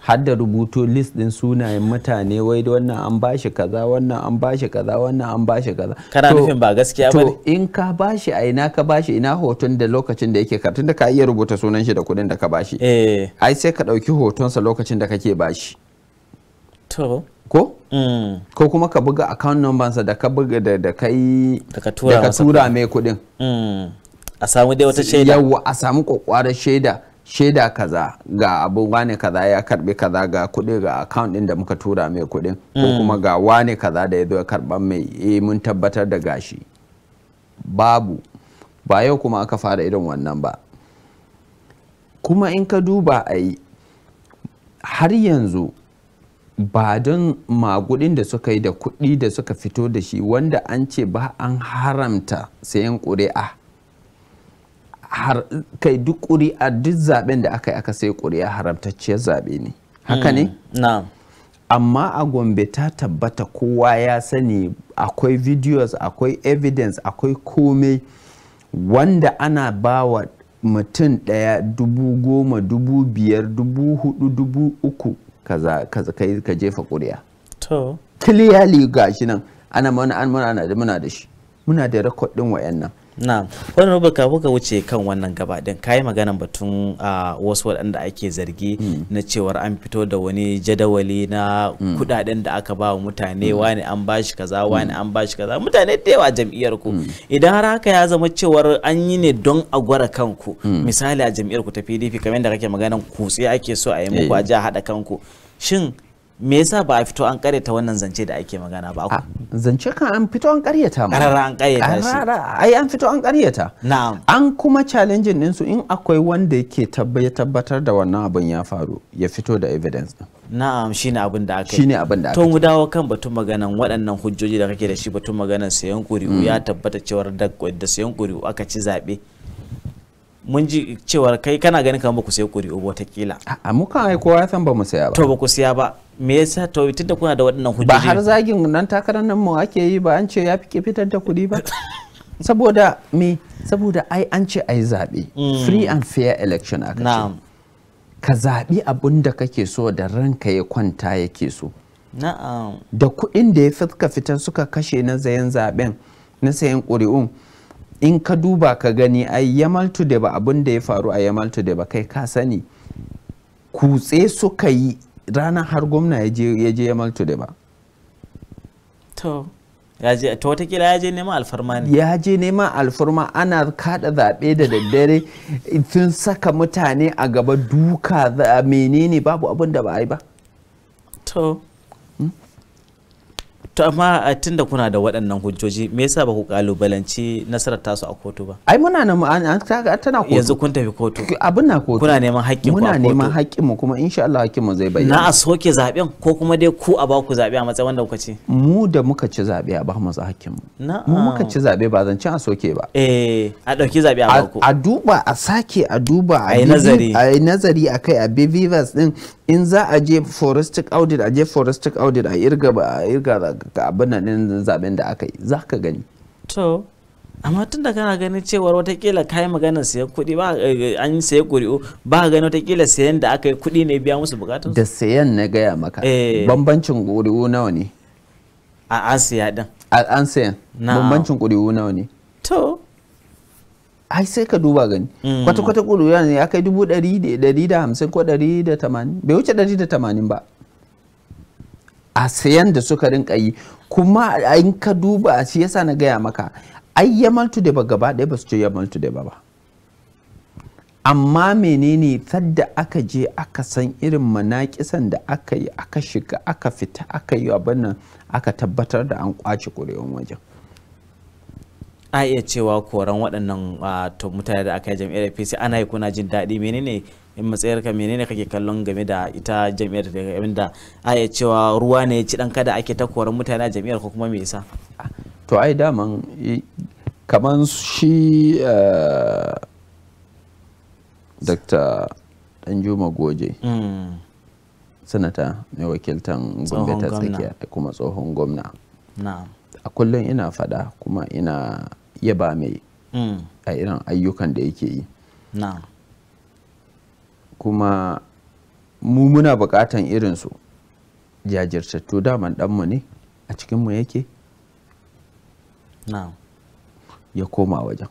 har da rubuto list din sunayen mutane wai da wannan an bashi kaza wannan an bashi kaza wannan an bashi kaza kana nufin ba gaskiya ba ne. in ka bashi a ina ka bashi ina hoton da lokacin da yake ka da ka iya rubuta sunan shi da kuɗin da ka bashi eh. ai sai ka ɗauki hotonsa lokacin da kake bashi to ko mm. ko kuma ka buga account number sa da ka buga da da kai da ka tura mai kudin mm. a samu dai wata shaida yawa a samu kwakwarar shaida shaida kaza ga abu wane kaza ya karbi kaza ga kuɗi ga account din da muka tura mai kuɗi. ko mm. kuma ga wane kaza da ya zo ya karba mai eh mun tabbatar da gashi babu ba yau kuma aka fara irin wannan ba kuma in ka duba a yi har yanzu ba don magudin da suka yi da kuɗi da suka fito da shi wanda an ce ba an haramta sayan ƙuri'a kai duk ƙuri'a duk zaben da aka yi aka sai ƙuri'a haramtacciyar zaɓe ne haka ne? Mm, na. amma a gombe ta tabbata kowa ya sani akwai videos akwai evidence akwai komai wanda ana bawa mutum ɗaya dubu goma dubu biyar dubu hudu dubu uku kaza kaza kai ka jefa ƙuri'a to clearly gashi nan ana mana muna da muna da shi muna da record din wayannan na wani rubu ka kuka wuce kan wannan gabaɗin ka kayi maganan batun wasu waɗanda ake zargi hmm. na cewar an fito da wani jadawali na hmm. kudaden da aka ba wa mutane hmm. wani an ba shi kaza wani an ba shi kaza mutane da yawa jam'iyyar ku idan har haka ya zama cewar an yi ne don a gwara kanku misali a jam'iyyar ku ta PDP kamar da kake maganan kutse ake so a yi muku eh. a ja haɗa kanku shin me yasa ba a fito an karyata wannan zance da ake magana ba zance kan an fito an karyata ma karara an karyata shi ai an fito an karyata na'am an kuma challenge din su in akwai wanda yake tabbatar da wannan abin ya faru ya fito da evidence din na'am shine abin da aka shine abin da aka to mu dawo kan batun maganan waɗannan hujjoji da kake da shi batun maganan sayan kuri'u mm. ya tabbata cewar da sayan kuri'u aka ci zabe mun ji cewar kai kana ganin kamar ba ku kuri ƙuri'u ba watakila a mukan ai kowa ya san ba mu saya ba to ba ku siya ba me yasa to tunda kuna da waɗannan hujjoji ba har zagin nan takarar nan mu ake yi ba an ce ya fi fitar da kuɗi ba saboda me saboda ai an ce ai zaɓe mm. free and fair election aka ce ka zaɓi abin da kake so da ranka ya kwanta yake so da kuɗin da ya fitka fitar suka kashe na zayen zaɓen na sayan ƙuri'un in ka duba ka gani ai yamal da ba abin da ya faru a yamal da ba kai ka sani kutse suka yi ranar har gwamna ya je yamal da ba to ya je to watakila ya je neman alfarma ne ya je neman alfarma ana kada zaɓe da daddare sun saka mutane a gaba duka menene babu abin da ba a yi ba to to amma eh, tunda kuna da waɗannan hujjoji me yasa ba ku kalubalanci nasarar tasu a kotu ba ai muna nan an tana kotu yanzu kun tafi kotu abin na kotu kuna neman haƙƙin muna neman haƙƙin mu kuma insha Allah haƙƙin mu zai bayyana na a soke zaben ko kuma dai ku a ba ku zabe a matsayin wanda kuka ci mu da muka ci zabe a ba mu za haƙƙin mu mu muka ci zabe ba zan ci a soke ba eh a dauki zabe a ba ku a duba a sake a duba a yi nazari a yi nazari akai a bivivas din in za a je forestic audit a je forestic audit a irga ba a irga abin nan zaben da aka yi za ka gani to amma tun da kana ganin cewar watakila kayi magana sayan kuɗi ba eh, an sayi ƙuri'u ba ka gani watakila sayan da aka yi kuɗi ne biya musu bukatun da sayan na gaya maka eh. bambancin ƙuri'u nawa ne a an siya din an sayan bambancin kuri'u nawa ne to ai sai ka duba gani mm. kwata-kwata yana ne ya kai dubu ɗari da hamsin ko ɗari da tamanin bai wuce ɗari da tamanin ba a sayan da suka rinka yi kuma in ka duba shi yasa na gaya maka ai yamal da ba gaba ɗaya ba su ce yamal ba ba amma menene sadda aka je aka san irin manaƙisan da aka yi aka shiga aka fita aka yi abin nan aka tabbatar da an kwace ƙuri'un wajen a iya cewa koran waɗannan mutane da aka yi jam'iyyar apc ana yi kuna jin daɗi menene in matsayar ka menene kake kallon game da ita jami'ar da aya cewa ruwa ne ci dan kada ake ta mutane a jami'ar ko kuma me yasa to ai daman kaman shi eh, dr danjuma goje mm. sanata mai wakiltan gombe ta tsakiya kuma tsohon gwamna a kullum ina fada kuma ina yaba mai mm. a irin ayyukan da yake yi kuma mu muna bukatan irinsu jajirtattu daman ɗanmu ne a cikinmu yake ya koma wajen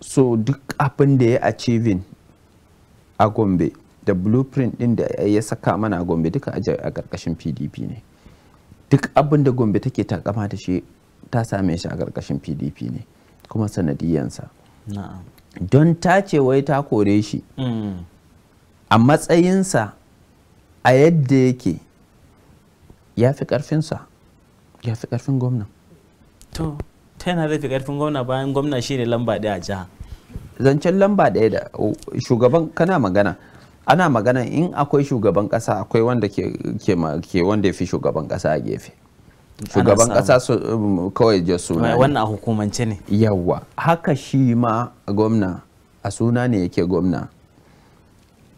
so duk abin da ya achieving a gombe da blueprint din da ya saka mana a gombe duka a ƙarƙashin pdp ne duk abin da gombe take takama da shi ta same shi a ƙarƙashin pdp ne kuma sanadiyansa na'am don ta ce wai ta kore shi hmm. a matsayinsa a yadda yake ya fi ƙarfinsa ya fi ƙarfin gwamna to ta yana zai fi ƙarfin gwamna bayan gwamna shi ne lamba ɗaya a jiha zancen lamba ɗaya da shugaban kana magana ana magana in akwai shugaban ƙasa akwai wanda ke wanda ya fi shugaban ƙasa a gefe shugaban kasa su um, kawai je suna wannan a hukumance ne yawa haka shi ma gwamna a suna ne yake gwamna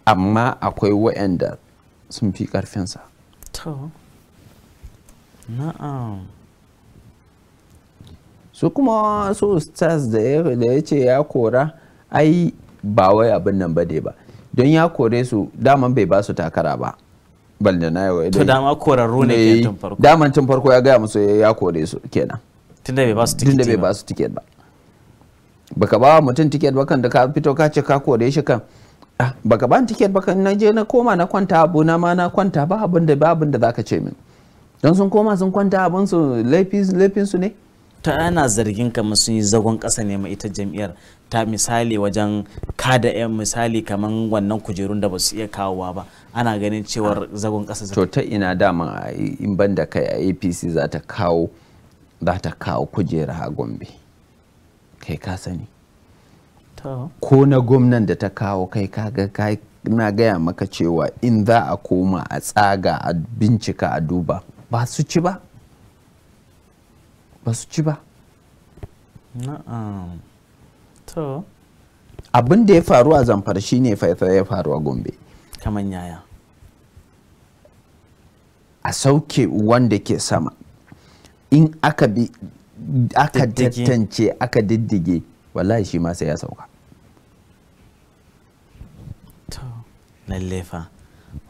amma akwai waɗanda sun fi ƙarfinsa to na'am su kuma su stars da ya ce ya kora ai ba wai abin nan ba dai ba don ya kore su daman bai ba su takara ba da na idan to dama korarru ne eh, tun farko daman tun farko ya gaya musu ya kore su kenan tunda bai ba su tiket tunda bai ba su tiket ba baka ba mutum tiket ba kan da ka fito ka ce ka kore shi kan ah, baka ba tiket ba kan je na koma na kwanta abu na ma na kwanta ba abin da ba abin da zaka ce min don sun koma sun kwanta abin su laifin su ne ta ana zargin kamar sun yi zagon kasa ne ma ita jam'iyyar ta misali wajen kada yan misali kamar wannan kujerun da ba su iya kawowa ba ana ganin cewar zagon kasa. to ta ina dama in ban da kai a apc za ta kawo za ta kawo kujera a gombe kai ka sani ko na gwamnan da ta kawo kai kaga kai na gaya maka cewa in za a koma a tsaga a bincika a duba ba su ci ba basu ci ba to abin da ya faru a zamfara shine faifai ya faru a gombe kamar yaya a sauke wanda ke sama in aka bi aka tattance aka diddige wallahi shi ma sai ya sauka to lalle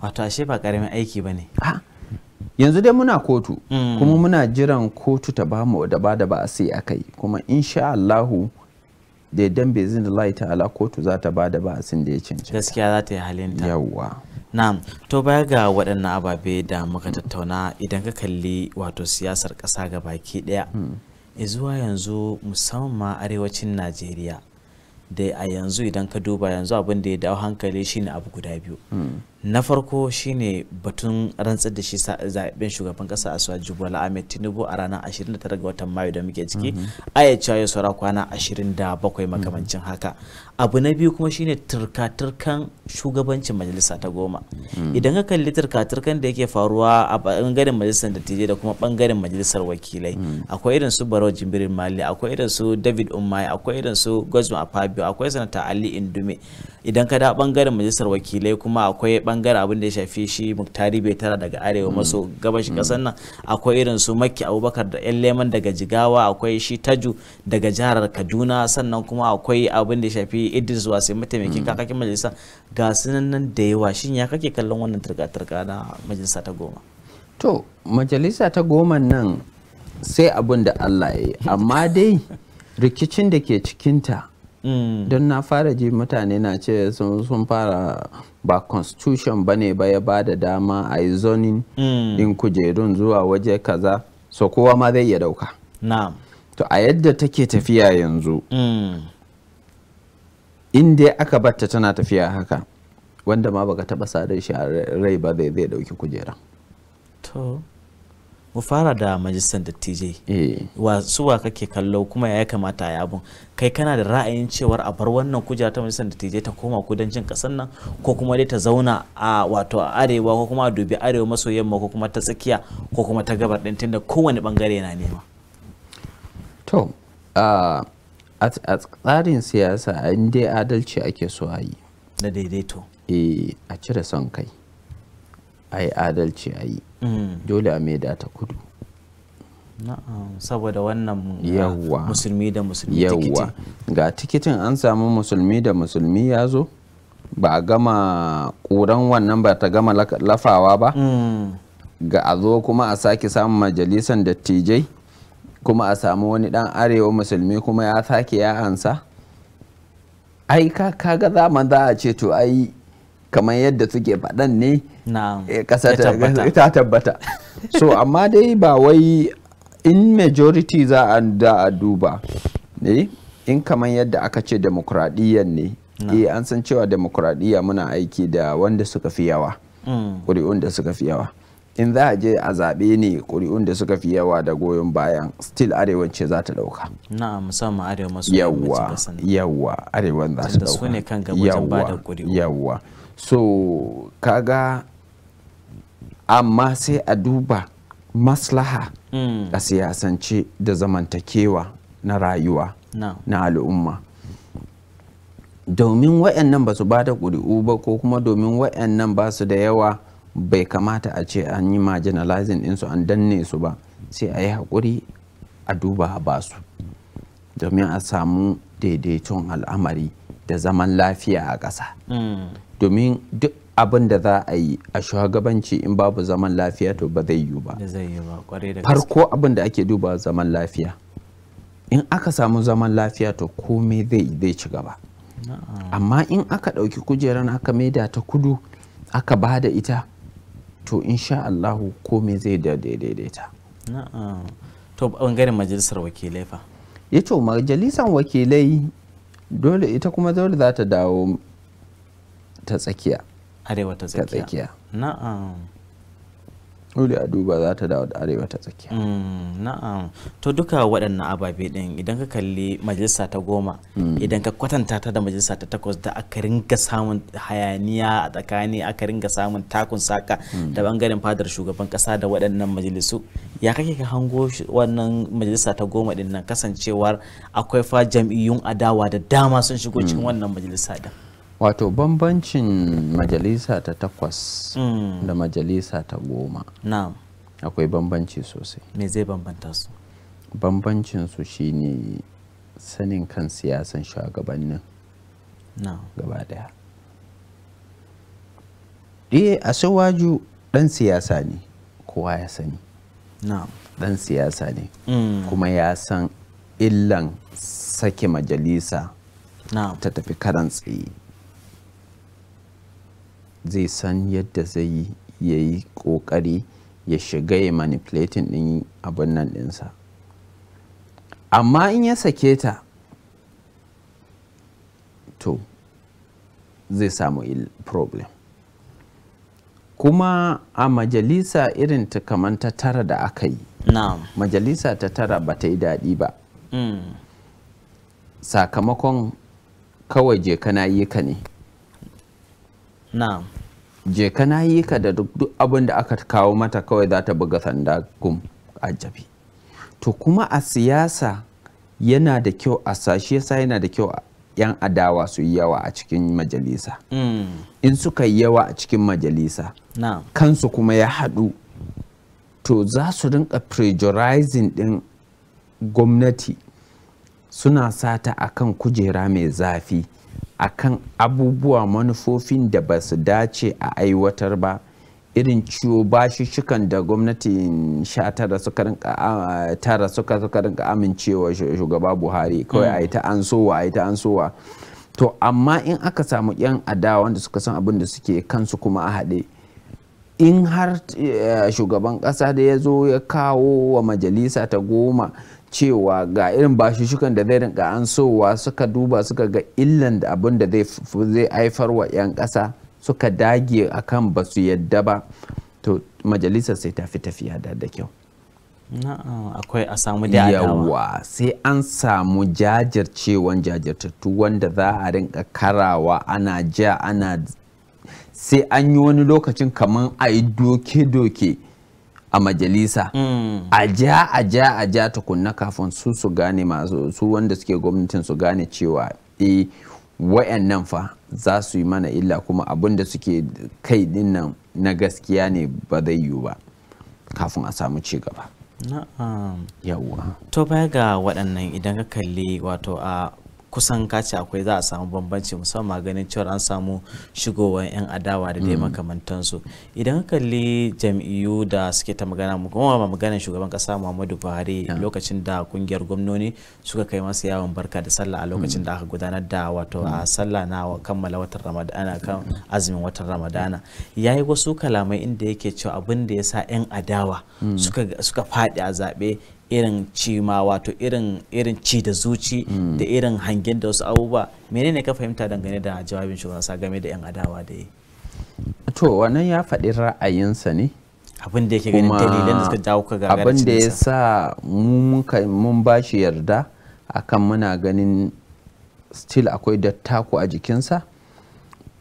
wato ashe ba karamin aiki ba ha yanzu dai muna kotu mm. kuma muna jiran kotu ta ba mu da ba da ba sai a kai kuma insha Allahu da dan bai da Allah ta'ala kotu za ta ba da ba sin da ya cancanta gaskiya za ta yi halinta yawwa na'am to baya ga waɗannan ababe da muka tattauna idan ka kalli wato siyasar ƙasa ga baki ɗaya mm. zuwa yanzu musamman arewacin Najeriya da a yanzu idan ka duba yanzu abin da ya dawo hankali shine abu guda biyu mm. na farko shine batun rantsar da shi zaben shugaban kasa a suwa jibril ahmed tinubu a ranar 29 ga watan mayu da muke ciki mhm. aya cewa ya saura kwana 27 makamancin mhm. haka abu na biyu kuma shine turka-turkan shugabancin majalisa ta goma mhm. idan ka kalli turka-turkan da yake faruwa a bangaren majalisar dattijai da kuma bangaren majalisar wakilai akwai irin su barau jimbirin mali akwai irin su david umai akwai irin su gosman afabio akwai sanata ali indume idan ka da bangaren majalisar wakilai kuma akwai bangaren abin da ya shafi shi muktari bai tara daga arewa maso gabashin kasar mm. nan akwai irin su makki abubakar da yan leman daga jigawa akwai shi taju daga jihar kaduna sannan kuma akwai abin da ya shafi idris wasu mataimakin mm. kakakin majalisa ga nan da yawa shin ya kake kallon wannan turka-turka na majalisa ta goma to majalisa ta goma nan sai abin da allah ya yi amma dai rikicin da ke cikinta Mm. don na fara ji mutane na ce sun fara ba constitution ba ne ba ya ba da dama a yi zonin mm. in kujerun zuwa waje kaza so kowa ma zai ya dauka to a yadda take tafiya yanzu mm. in dai aka batta tana tafiya haka wanda ma baka taba sadar shi a rai ba zai dauki kujera to mu fara da majistan dattijai eh. wa kake kallo kuma ya kamata ya abun kai kana da ra'ayin cewar a bar wannan kujera ta majistan dattijai ta koma kudancin kasan nan ko kuma dai ta zauna a wato a arewa ko kuma a dubi arewa maso yamma ko kuma ta tsakiya ko kuma ta gabar din tunda kowane bangare na nema to a tsarin siyasa in dai adalci ake so a yi na daidaito eh, a cire son kai a yi adalci a yi dole a maida ta kudu saboda wannan ah, musulmi da musulmi yawwa ga tikitin an samu musulmi da musulmi ya zo ba a gama ƙuran wannan ba ta gama lafawa ba mm. ga a zo kuma a sake samun majalisan dattijai kuma a samu wani dan arewa musulmi kuma ya sake ya ansa ai ka zaman za a ce to ai kamar yadda suke faɗan ne eh, ƙasa ta tabbata so amma dai ba wai in majority za a da a duba ne eh, in kamar yadda aka ce demokradiyyar ne eh an san cewa demokradiyya muna aiki da wanda suka fi yawa mm. ƙuri'un da suka fi yawa in za a je a zaɓe ne ƙuri'un da suka fi yawa da goyon bayan still arewance za ta ɗauka. na musamman arewa maso yawwa yawwa arewan za ta ɗauka yawa yawa so kaga amma sai a duba maslaha mm. a siyasance da zamantakewa na rayuwa na al'umma domin wayannan ba su ba da ƙuri'u ba ko kuma domin wayannan ba su da yawa bai kamata a ce an yi marginalizing ɗinsu an danne su ba sai a yi haƙuri a duba ba su domin a samu daidaiton al'amari da zaman lafiya a ƙasa mm. domin duk abin da za a yi a shugabanci in babu zaman lafiya to ba zai yiwu ba farko abin da ake duba zaman lafiya in aka samu zaman lafiya to komai zai zai ci gaba amma in aka ɗauki kujerar aka maida ta kudu aka ba da ita to insha Allahu komai zai da daidaita to bangaren majalisar wakilai fa ya eh to majalisar wakilai dole ita kuma dole za ta dawo ta tsakiya arewa ta tsakiya na'am dole a duba za ta dawo da arewa ta tsakiya mm, na'am to duka waɗannan ababe ɗin idan ka kalli majalisa ta goma mm. idan ka kwatanta ta da majalisa ta takwas da aka ringa samun hayaniya a tsakani aka ringa samun takun saka mm. da bangaren fadar shugaban ƙasa da waɗannan majalisu ya kake ka hango wannan majalisa ta goma ɗin nan kasancewar akwai fa jam'iyyun adawa da dama sun shigo cikin wannan majalisa ɗin wato bambancin majalisa ta takwas mm. da majalisa ta goma na'am akwai bambanci sosai me zai bambanta su bambancin su shine sanin kan siyasan shugabannin na'am gaba daya ɗaya eh, a sawaju ɗan siyasa ne kowa ya sani na'am ɗan siyasa ne mm. kuma ya san illan sake majalisa Na. ta tafi karan tsaye zai san yadda zai yi kokari ya shiga ya manipulating din abin nan dinsa. amma in ya sake ta to zai samu problem kuma a majalisa irin ta kaman ta tara da aka yi majalisa ta tara ba ta yi daɗi ba mm. sakamakon kawai je kana yi ka ne na'am je kana yi ka da duk abin da aka kawo mata kawai za ta buga sanda gum ajabi to kuma a siyasa yana da kyau a sashi yasa yana da kyau yan adawa su yi yawa a cikin majalisa mm. in suka yi yawa a cikin majalisa kansu kuma ya haɗu to za su rinka prejurizing ɗin gwamnati suna sata akan kujera mai zafi a kan abubuwa manufofin da ba su dace a aiwatar ba irin ciwo shukan da gwamnatin sha tara suka rinka amincewa shugaba buhari kawai a yi ta an sowa a yi ta an sowa to amma in aka samu yan adawa wanda suka san abin da suke kansu kuma a haɗe in har eh, shugaban ƙasa da ya zo ya kawo wa majalisa ta goma cewa ga irin bashushukan da zai rinka an sowa suka duba suka ga illan da abin da zai haifar wa 'yan ƙasa suka dage akan ba su yadda ba to majalisar sai tafi tafiya da da kyau akwai a samu da yawa sai an samu jajircewan jajirtattu wanda za a rinka karawa ana ja ana sai an yi wani lokacin kamar a yi doke-doke a majalisa mm. a ja a ja a ja tukunna kafin su su gane masu su wanda suke gwamnatin su gane cewa e wayannan fa za su yi mana illa kuma abin da suke kai dinnan na gaskiya ne ba zai yiwu ba kafin a samu ci gaba na'am yawwa to baya ga waɗannan idan ka kalli wato a kusan kaci akwai za a samu bambanci musamman ganin cewar an samu shigowar 'yan adawa da dai mm. makamantansu idan kalli jam'iyyu da suke ta magana kuma maganar shugaban kasa muhammadu buhari lokacin da kungiyar gwamnoni suka kai masa yawon barka da sallah a lokacin mm. da aka gudanar da wato a mm. sallah na kammala watan ramadana kan azumin watan ramadana yayi wasu kalamai inda yake cewa abin da ya 'yan adawa suka faɗi a zaɓe irin cima wato irin ci da zuci da irin hangen da wasu abubuwa menene ka fahimta dangane da jawabin shugaban sa game da yan adawa da yi to wannan ya faɗi ra'ayinsa ne abin da yake ganin dalilan da suka jawo ka ga abin da ya sa mun ba shi yarda akan muna ganin still akwai dattako a jikinsa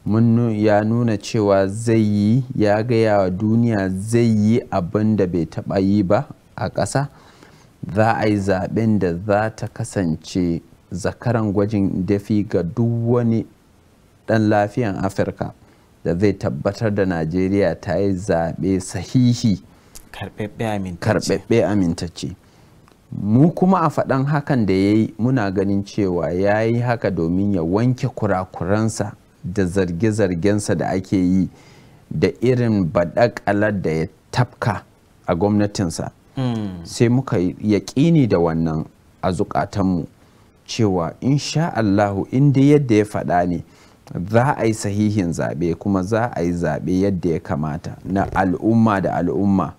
mun ya nuna cewa zai yi ya gaya wa duniya zai yi abin da bai taɓa yi ba a ƙasa za a yi zaɓen da za ta kasance zakaran gwajin dafi ga duk wani ɗan lafiyan afirka da zai tabbatar da najeriya ta yi zaɓe sahihi karɓaɓɓe amintacce mu kuma a faɗan hakan da ya yi muna ganin cewa ya yi haka domin ya wanke kurakuransa da zarge-zargensa da ake yi da irin badakalar da ya tafka a gwamnatinsa sai muka yaƙini da wannan a zukatanmu cewa insha Allahu inda yadda ya faɗa ne za a yi sahihin zaɓe kuma za a yi zaɓe yadda ya kamata na al'umma da al'umma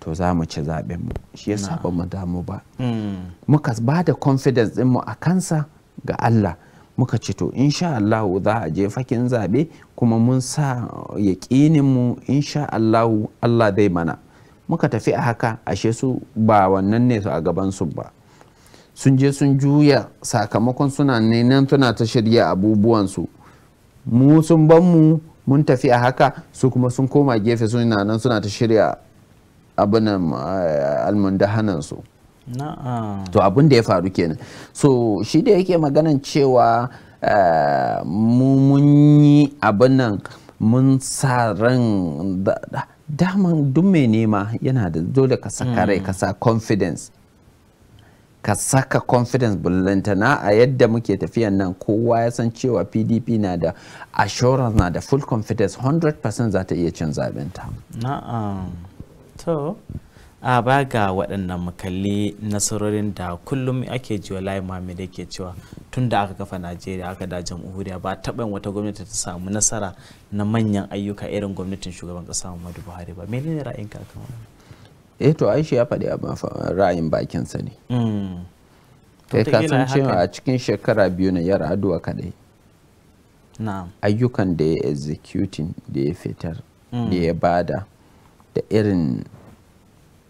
to za mu ci zaɓenmu shi ya saba mu damu ba muka ba da confidence ɗinmu a kansa ga Allah muka ci to insha Allahu za a je fakin zaɓe kuma mun sa yaƙininmu insha Allahu Allah zai mana muka tafi a haka ashe su ba wannan ne su a su ba sun je sun juya sakamakon suna nan suna ta shirya abubuwansu mu sun ban mu mun tafi a haka su kuma sun koma gefe suna nan suna ta shirya abinan eh, almundahanansu to abin da ya faru kenan so shi da yake maganan cewa eh, mu mun yi abin nan mun sa ran daman duk mai nema yana da dole ka saka rai mm. ka sa confidence ka saka confidence bullantana a yadda muke tafiyan nan kowa ya san cewa pdp na da assurance na da full confidence 100% za ta iya cin zaɓenta na'am to a ba ga waɗannan makalli nasarorin da kullum ake jiwa layi muhammed yake cewa tun da aka kafa najeriya aka da jamhuriya ba taɓa wata gwamnati ta samu nasara na manyan ayyuka irin gwamnatin shugaban ƙasa muhammadu buhari ba menene ra'ayinka akan wannan eh to Aisha ya faɗi ra'ayin bakinsa ne hmm. kai ka san cewa a cikin shekara biyu na yara aduwa kadai ayyukan da ya executing da ya fitar da hmm. ya bada da irin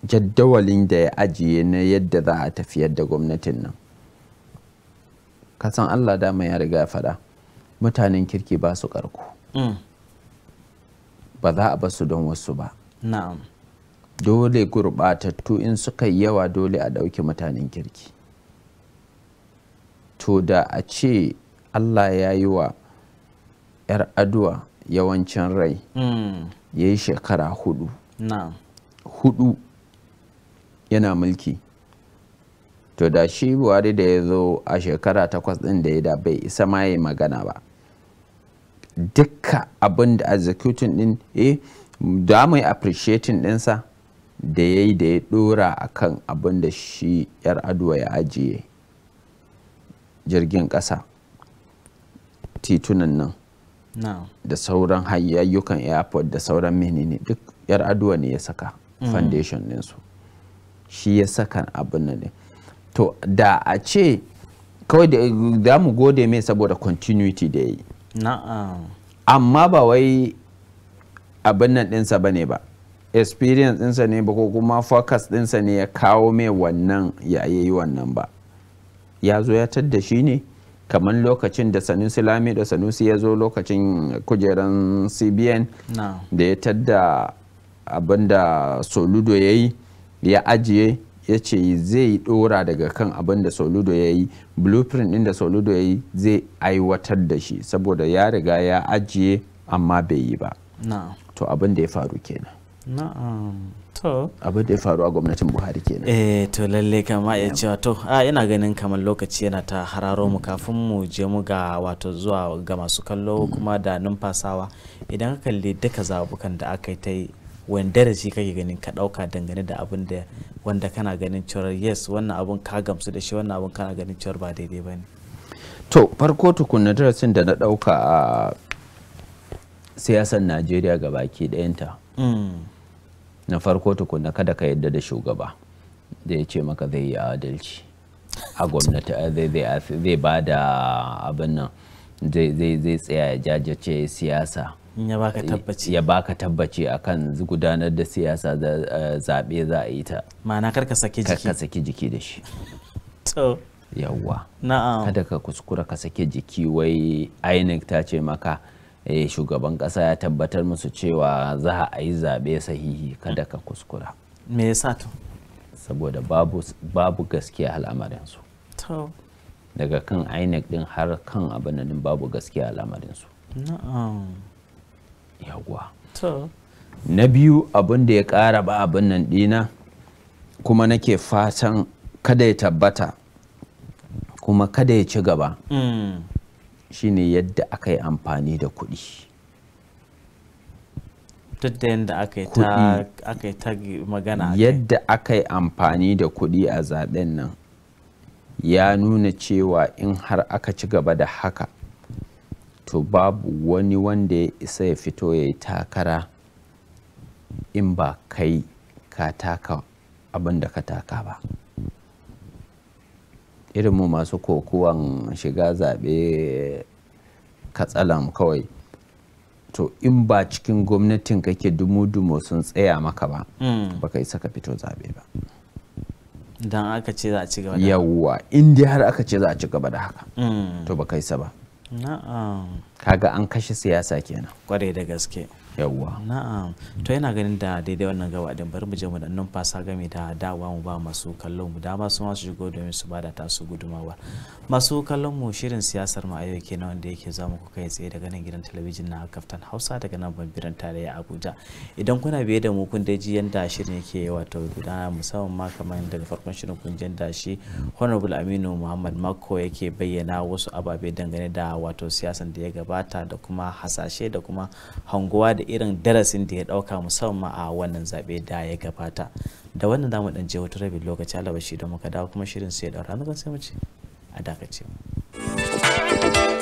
jaddawalin da ya ajiye na yadda za a tafiyar da gwamnatin nan kasan allah dama ya riga ya faɗa mutanen kirki ba su karku. Mm. ba za a basu don wasu ba dole gurbatattu in suka yi yawa dole a ɗauki mutanen kirki to da a ce allah ya yi wa 'yar aduwa yawancin rai mm. ya yi shekara hudu hudu yana mulki to da shi buhari da ya zo a shekara takwas ɗin da ya da bai isa ma ya magana ba dukka abin da executing ɗin eh da mu yi appreciating ɗinsa da ya yi da ya ɗora a kan abin da shi yar aduwa ya ajiye jirgin ƙasa titunan nan da sauran hayayyukan airport da sauran menene duk yar aduwa ne ya saka mm. foundation ɗinsu shi ya saka abin nan to da a ce kawai da mu gode mai saboda continuity da yi amma ba wai abin nan ɗinsa ba ne ba experience ɗinsa ne ba ko kuma focus ɗinsa ne ya kawo mai wannan ya yi wannan ba ya zo ya tadda shi ne kamar lokacin da sanusi lami da sanusi ya zo lokacin kujeran cbn da ya tadda abin da soludo ya yi ya ajiye ya ce zai dora daga kan abin da soludo ya yi blueprint din da soludo ya yi zai aiwatar da shi saboda ya riga ya ajiye amma bai yi ba to abin da ya faru kenan abin da ya faru a gwamnatin buhari kenan eh to lalle kama ya cewa to a yana ganin kamar lokaci yana ta hararo mu kafin mu je mu ga wato zuwa ga masu kallo mm. kuma da numfasawa idan ka kalli duka zabukan da aka yi ta wani darasi kake ganin ka ɗauka dangane da abin da wanda kana ganin cewa yes wannan abun ka gamsu da shi wannan abun kana ganin cewa ba daidai ba ne to farko tukunna darasin da na ɗauka a siyasar najeriya ga baki dayanta mm. na farko tukunna kada ka yadda da shugaba da ya ce maka zai yi adalci a gwamnati zai ba da abin nan zai tsaya ya jajirce siyasa ya baka tabbaci ya baka tabbaci akan gudanar da siyasa da eh, zaɓe za a yi ta ma'ana kar ka saki jiki ka saki jiki da shi to yawwa na'am kada ka kuskura ka saki jiki wai INEC ta ce maka eh, shugaban ƙasa ya tabbatar musu cewa za a yi zaɓe sahihi kada ka kuskura me yasa to saboda babu babu gaskiya al'amarin su to daga kan INEC din har kan abin nan babu gaskiya al'amarin su na'am yaguwa na biyu abin da ya kara ba abin nan dina kuma nake fatan kada ya tabbata kuma kada ya ci gaba mm. shine yadda aka yi amfani da kuɗi duk da yadda aka yi ta magana yadda aka yi amfani da kuɗi a zaɓen nan ya nuna cewa in har aka ci gaba da haka to babu wani wanda ya isa ya fito ya yi takara in ba kai ka taka abin da ka taka ba irin mu masu kokuwan shiga zaɓe katsalan kawai to in ba cikin gwamnatin kake dumu-dumu sun tsaya maka ba hmm. Ba ka isa ka fito zaɓe ba don aka ce za a ci gaba da yawwa in har aka ce za a ci gaba da haka hmm. To ba ka isa ba Na'am. Kaga an kashe siyasa kenan. Kwarai da gaske. yawwa na'am to yana ganin da daidai wannan gaba din bari mu je mu dan numfasa game da dawa mu ba masu kallon mu dama su ma su shigo domin su bada ta su gudumawa masu kallon mu shirin siyasar mu a yau kenan wanda yake za mu kai tsaye daga nan gidan talabijin na kaftan Hausa daga nan bambiran tarayya Abuja idan kuna biye da mu kun daji yanda shirin yake wato gudana musamman ma kamar daga farkon shirin kun da shi Honorable Aminu Muhammad Mako yake bayyana wasu ababe dangane da wato siyasan da ya gabata da kuma hasashe da kuma hanguwa da da irin darasin da ya dauka musamman a wannan zabe da ya gabata da wannan damu dan je wata rabin lokaci bashi da muka dawo kuma shirin sai ya daura sai mu ce a dakace mu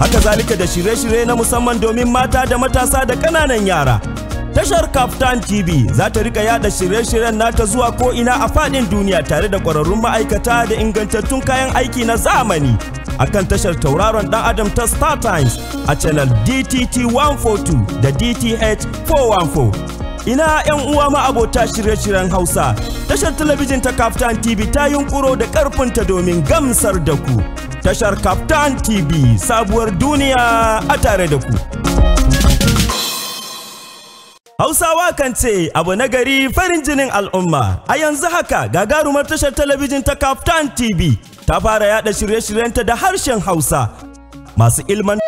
haka zalika da shirye-shirye na musamman domin mata da matasa da ƙananan yara tashar Kaftan TV za ta rika yada shirye-shiryen nata zuwa ko'ina a faɗin duniya tare da ƙwararrun ma'aikata da ingantattun kayan aiki na zamani. Akan tashar tauraron ɗan Adam ta Star Times a channel DTT 142 da DTH 414. ina 'yan uwa ma abota shirye-shiryen hausa tashar talabijin ta kaftan tv ta yunkuro da karfinta domin gamsar da ku tashar kaftan tv sabuwar duniya a tare da ku Hausawa kan ce abu na gari farin jinin al'umma a yanzu haka gagarumar tashar talabijin ta kaftan tv ta fara yada shirye-shiryenta da harshen hausa masu ilman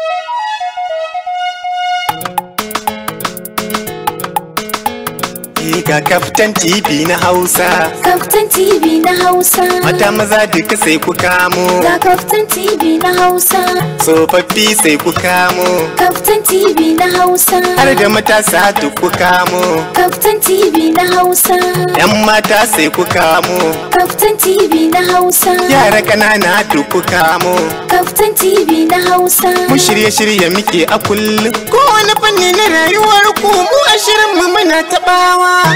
ga kaftan TV na Hausa. Kaftan TV na Hausa. Mata maza duka sai ku kamo. Ga kaftan TV na Hausa. Tsofaffi sai ku kamo. Kaftan TV na Hausa. Har da matasa duk ku kamo. Kaftan TV na Hausa. Yan mata sai ku kamo. Kaftan TV na Hausa. Yara kanana duk ku kamo. Kaftan TV na Hausa. Mu shirye-shirye muke a kullum. Kowane fanni na rayuwar ku mu a shirin mu muna tabawa. Kaftan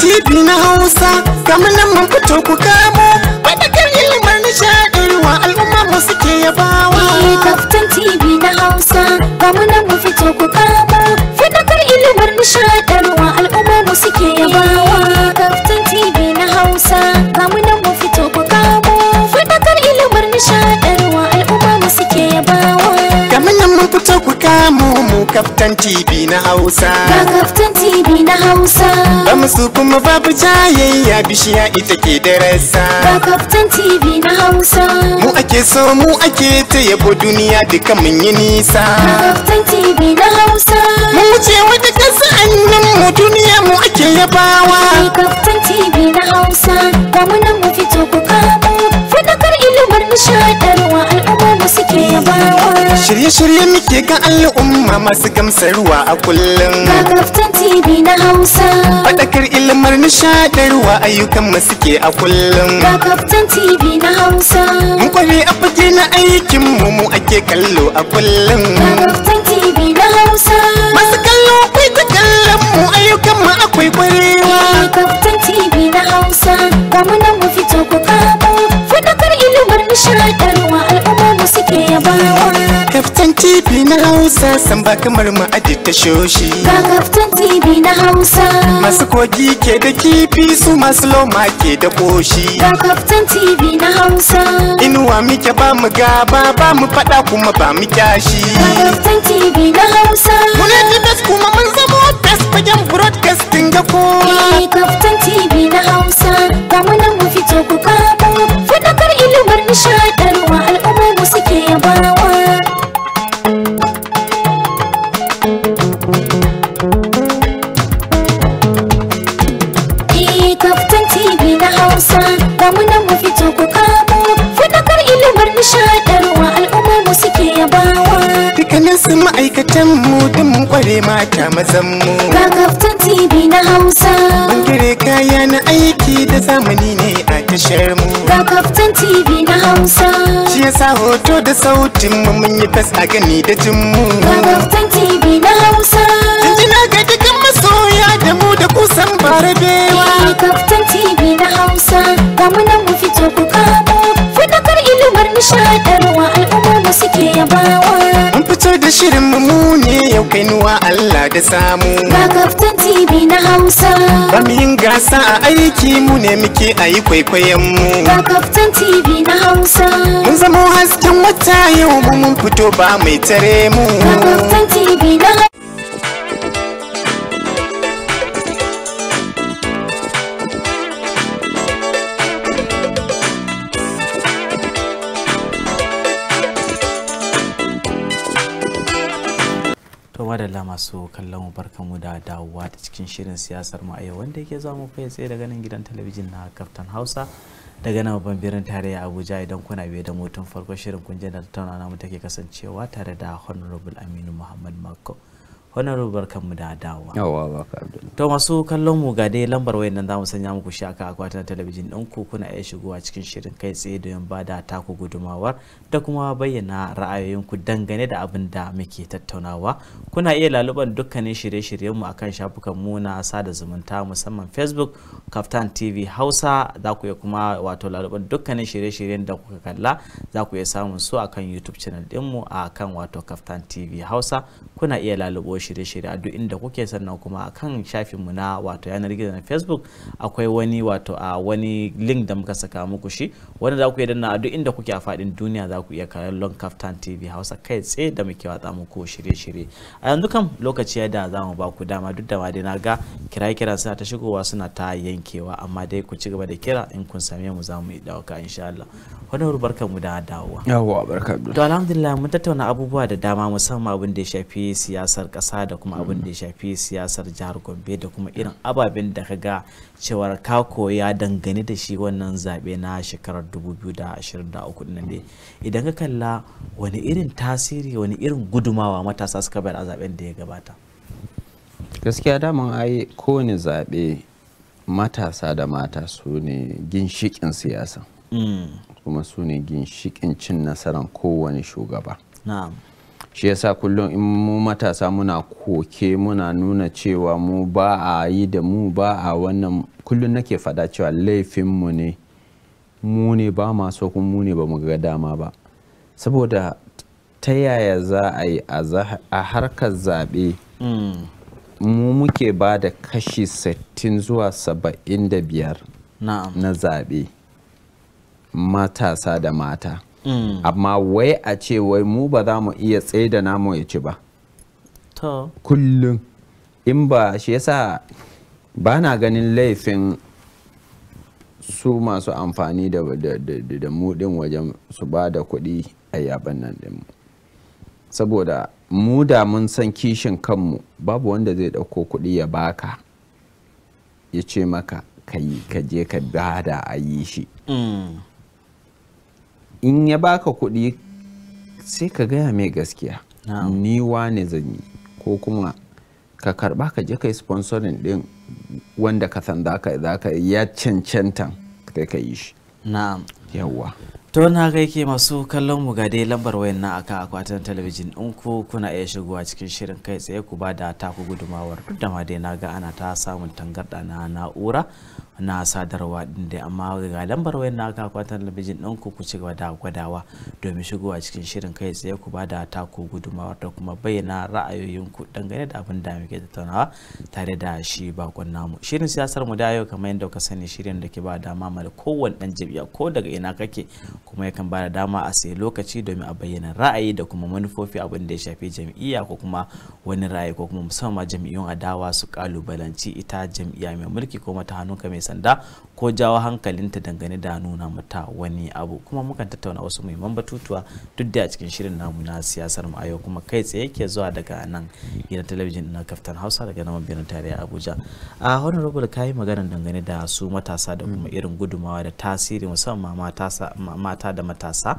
TV na Hausa, kamar nan mun fito ku TV na Hausa, kamar nan mun nishaɗarwa al'umma mu suke yabawa kamar nan mun fito ku kamo mu kaftan tv na hausa ga kaftan tv na hausa ba musu kuma babu jayayya bishiya ita ke darasa ga kaftan tv na hausa mu ake so mu ake ta yabo duniya duka mun yi nisa ga kaftan tv na hausa mu wuce wata ƙasa annan mu duniya mu ake yabawa ga kaftan tv na hausa ga mu nan mu fito ku kamo ilimin nishaɗarwa al'umma mu suke yabawa shirye-shirye muke ga al'umma masu gamsarwa a kullum ga kaftan tv na hausa faɗakar ilimar nishaɗarwa ayyukan mu suke a kullum ga kaftan tv na hausa mun kware a fage na aikin mu mu ake kallo a kullum ga kaftan tv na hausa masu kallo kai ta kallon mu ayyukan ma akwai kwarewa kaftan tv na hausa ga mu nan mu fito ku kaba nishadantarwa al'umma mu suke yabawa kaftan tv na hausa san ba kamar mu aje ta shoshi ga kaftan tv na hausa masu kogi ke da kifi su masu loma ke da koshi ga kaftan tv na hausa inuwa muke ba mu gaba ba mu fada kuma ba mu kyashi ga kaftan tv na hausa muna da bas kuma mun zamo bas fagen broadcasting ga kowa eh kaftan tv na hausa ga mu nan mu fito ku kamo Fasahar ilimar nishadarwa, al'ummar mu suke bawa eh, Kaftan TV na Hausa, ga mu nan mu fito ku kamo, fadakar ilimin nishaɗarwa al'ummar mu suke yabawa. Dukkaninsu ma'aikatan mu mun kware mata mazanmu. mu. Ga Kaftan TV na Hausa. Bangare kaya na aiki da zamani ne a tashar mu. ga kaftan tv na hausa shi yasa hoto da sautin mu mun yi fes a gani da jin mu ga kaftan tv na hausa jina ga dukkan masoya da mu da kusan barabewa ga kaftan tv na hausa ga mu nan mu fito ku kamo fadakar ilimar nishadarwa al'umma mu suke yabawa da shirin mu ne yau kainuwa Allah da samu ga kaftan TV na Hausa ba mu yin gasa a aiki mu ne muke ayi kwaikwayon mu ga kaftan TV na Hausa mun zama hasken wata yau mun fito ba mai tare mu ga kaftan TV na Hausa masu kallon mu da dawowa da cikin shirin siyasar mu a yau wanda yake zuwa mu kai tsaye daga nan gidan talabijin na kaftan hausa daga nan babban birnin tarayya abuja idan kuna biye da mutum farko shirin kun da tattauna mu take kasancewa tare da honorable aminu muhammad mako honorable barkan mu da dawowa yawa baka to masu kallon mu ga dai lambar wayar nan zamu sanya muku shi aka akwatin talabijin din ku kuna iya shigowa cikin shirin kai tsaye don bada taku gudumawar da kuma bayyana ra'ayoyinku dangane da abin da muke tattaunawa kuna iya laluban dukkanin shirye-shiryen mu akan shafukan mu na sada zumunta musamman Facebook Kaftan TV Hausa za ku iya kuma wato laluban dukkanin shirye-shiryen da kuka kalla za ku iya samun su akan YouTube channel din mu akan wato Kaftan TV Hausa kuna iya lalubo shirye-shirye a duk inda kuke sannan kuma a kan shafinmu na wato yanar gizo na facebook akwai wani wato a wani link da muka saka muku shi wanda za ku iya danna a duk inda kuke a faɗin duniya za ku iya kallon kaftan tv hausa kai tse da muke watsa muku shirye-shirye a yanzu kam lokaci ya da za mu ba ku dama duk da ma dai na ga kira-kira suna ta shigowa suna ta yankewa amma dai ku ci gaba da kira in kun same mu za mu yi dauka insha Allah wani barkan mu da dawowa yawwa barka to alhamdulillah mun tattauna abubuwa da dama musamman abin da ya shafi siyasar ƙasa ƙasa da kuma mm-hmm. abin da ya shafi siyasar jihar gombe da kuma irin ababen da ka ga cewar ka koya dangane da shi wannan zaɓe na shekarar 2023 nan dai mm-hmm. idan ka kalla wani irin tasiri wani irin gudumawa matasa suka bayar a zaɓen da ya gabata gaskiya daman ai kowane zaɓe matasa da mata su ne ginshikin siyasa mm. kuma su ne ginshikin cin nasarar kowane shugaba na'am shi yasa kullum in mu matasa muna koke muna nuna cewa mu ba a yi da mu ba a wannan kullum nake fada cewa laifinmu ne mu ne ba masu kuma mu ne ba mu ga dama ba saboda ta yaya za a yi a harkar zaɓe hmm. mu muke ba da kashi 60 zuwa 75 na zaɓe matasa da mata Mm. amma wai a ce wai mu ba za mu iya tsaida namu ya ci ba kullum in ba shi yasa ba na ganin laifin su masu amfani da mudin wajen su ba da kuɗi a yaban nan din saboda mu da mun san kishin kanmu babu wanda zai ɗauko kuɗi ya baka ya ce maka ka yi ka je ka bada a yi shi mm. in ya baka kuɗi sai ka gaya mai gaskiya ni wane zan yi ko kuma ka karba ka je kai sponsorin din wanda ka san za ka ya cancanta kai ka yi shi na'am yawwa to na ga yake masu kallon mu ga dai lambar wayan na aka akwatin talabijin in ku kuna iya shigowa cikin shirin kai tsaye ku ba da taku gudumawar duk da ma dai na ga ana ta samun tangarda na na'ura na sadarwa din da amma ga lambar wayar na ka talabijin din ku ku ci gaba da gwadawa domin shigowa cikin shirin kai tsaye ku ba da tako gudumawa da kuma bayyana ra'ayoyinku dangane da abin da muke tattaunawa tare da shi bakon namu shirin siyasar mu da yau kamar yadda ka sani shirin da ke ba dama ma da kowane dan jam'iyya ko daga ina kake kuma yakan ba da dama a sai lokaci domin a bayyana ra'ayi da kuma manufofi abin da ya shafi jam'iyya ko kuma wani ra'ayi ko kuma musamman jam'iyyun adawa su kalubalanci ita jam'iyya mai mulki ko mata hannunka mai sanda ko jawo hankalinta dangane da nuna mata wani abu kuma mukan tattauna wasu muhimman batutuwa duk da a cikin shirin namu na siyasar mu a yau kuma kai tsaye ke zuwa daga nan gidan talabijin na kaftan hausa daga nan birnin tarayya abuja a wani honorable ka yi magana dangane da su matasa da kuma irin gudumawa da tasiri musamman mata da matasa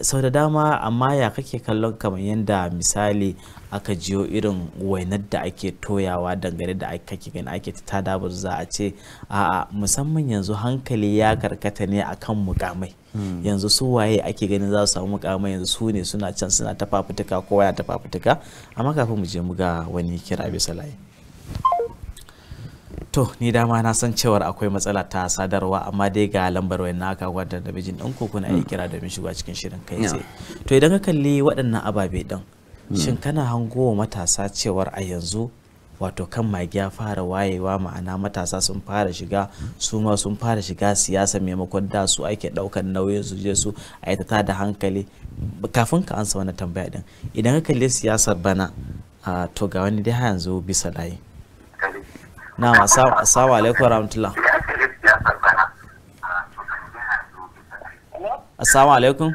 sau da dama amma ya kake kallon kamar yadda misali aka jiyo irin wainar da ake toyawa dangane da ake gani ake ta da za a ce a musamman yanzu hankali ya karkata ne akan mukamai hmm. yanzu su waye ake ganin za su samu mukamai yanzu su ne suna can suna ta fafutuka kowa ya ta fafutuka amma kafin mu je mu ga wani kira bisa layi to ni dama na san cewar akwai matsala ta sadarwa amma dai ga lambar wayan naka gwada da bijin ɗan ko kuna yi hmm. kira domin shiga cikin shirin kai sai to idan ka kalli waɗannan ababe din hmm. shin kana hango matasa cewar a yanzu wato kan magi ya fara wayewa ma'ana matasa sun fara shiga su ma sun fara shiga siyasa maimakon da su ake daukan nauyin su je su a yi ta da hankali kafin ka ansa wani tambaya din idan ka kalli siyasar bana to ga wani dai yanzu bisa layi na assalamu alaikum rahmatullah assalamu alaikum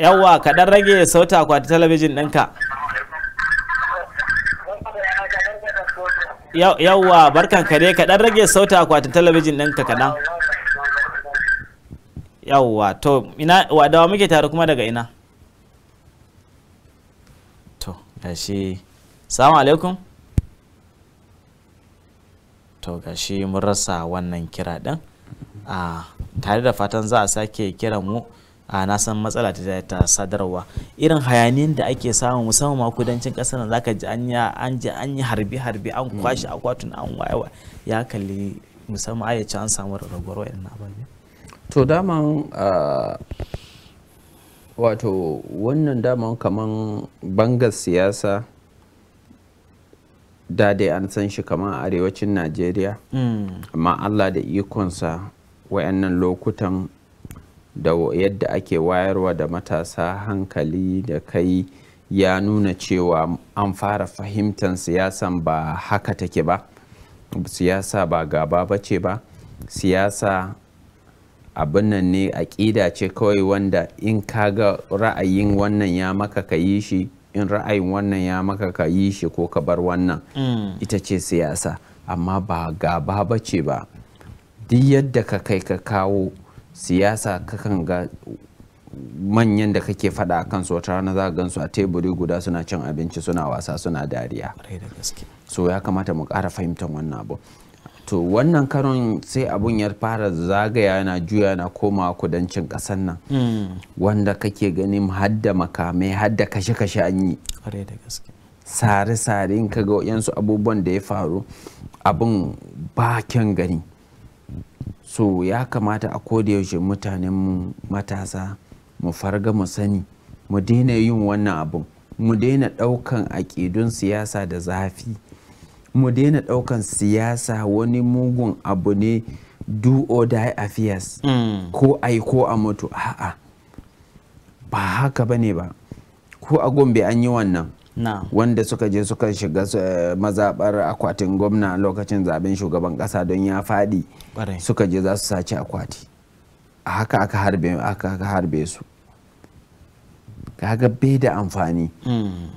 yawwa kaɗan rage sauta akwati talabijin ɗinka yawwa barkan ka dai kaɗan rage sauta akwatin talabijin ɗin ka kaɗan yawwa to ina wadawa muke tare kuma daga ina to gashi salamu alaikum to gashi mun rasa wannan kira ɗin a ah, tare da fatan za a sake kira mu a na san matsala ta ta sadarwa irin hayanin da ake samu musamman ma kudancin kasar nan zaka ji anya an ji an yi harbi harbi an hmm. kwashi akwatun an wayewa ya kalli musamman ayyace an samu rarrabuwar na ababe to daman wato wannan daman kaman bangar siyasa da dai an san shi kaman arewacin najeriya hmm. amma allah da ikonsa wayannan lokutan da yadda ake wayarwa da matasa hankali da kai ya nuna cewa an fara fahimtar siyasan ba haka take ba siyasa ba gaba ba ce ba siyasa abin nan ne aƙida ce kawai wanda in ka ga ra'ayin wannan ya maka ka yi shi in ra'ayin wannan ya maka ka yi shi ko ka bar wannan mm. ita ce siyasa amma ba gaba ba ce ba duk yadda ka kai ka kawo siyasa kakan ga manyan da kake faɗa a kansu wata rana za gan su a teburi guda suna cin abinci suna wasa suna dariya so ya kamata mu kara fahimtar wannan abu to wannan karon sai abun ya fara zagaya na juya na koma kudancin ƙasar nan hmm. wanda kake gani hadda makamai hadda kashe-kashe an yi sare-sare in kaga yansu abubuwan da ya faru abun bakin gani so ya kamata a yaushe mutanen matasa mu farga mu sani mu daina yin wannan abun mu daina ɗaukan aƙidun siyasa da zafi mu daina ɗaukan siyasa wani mugun abu ne do or die affairs mm. ko ai ko a mutu a'a ba haka bane ba ko a gombe an yi wannan wanda suka je suka shiga eh, mazaɓar akwatin gwamna lokacin zaben shugaban kasa don ya faɗi suka je za su sace akwati a haka aka harbe aka harbe su kaga bai da amfani mm.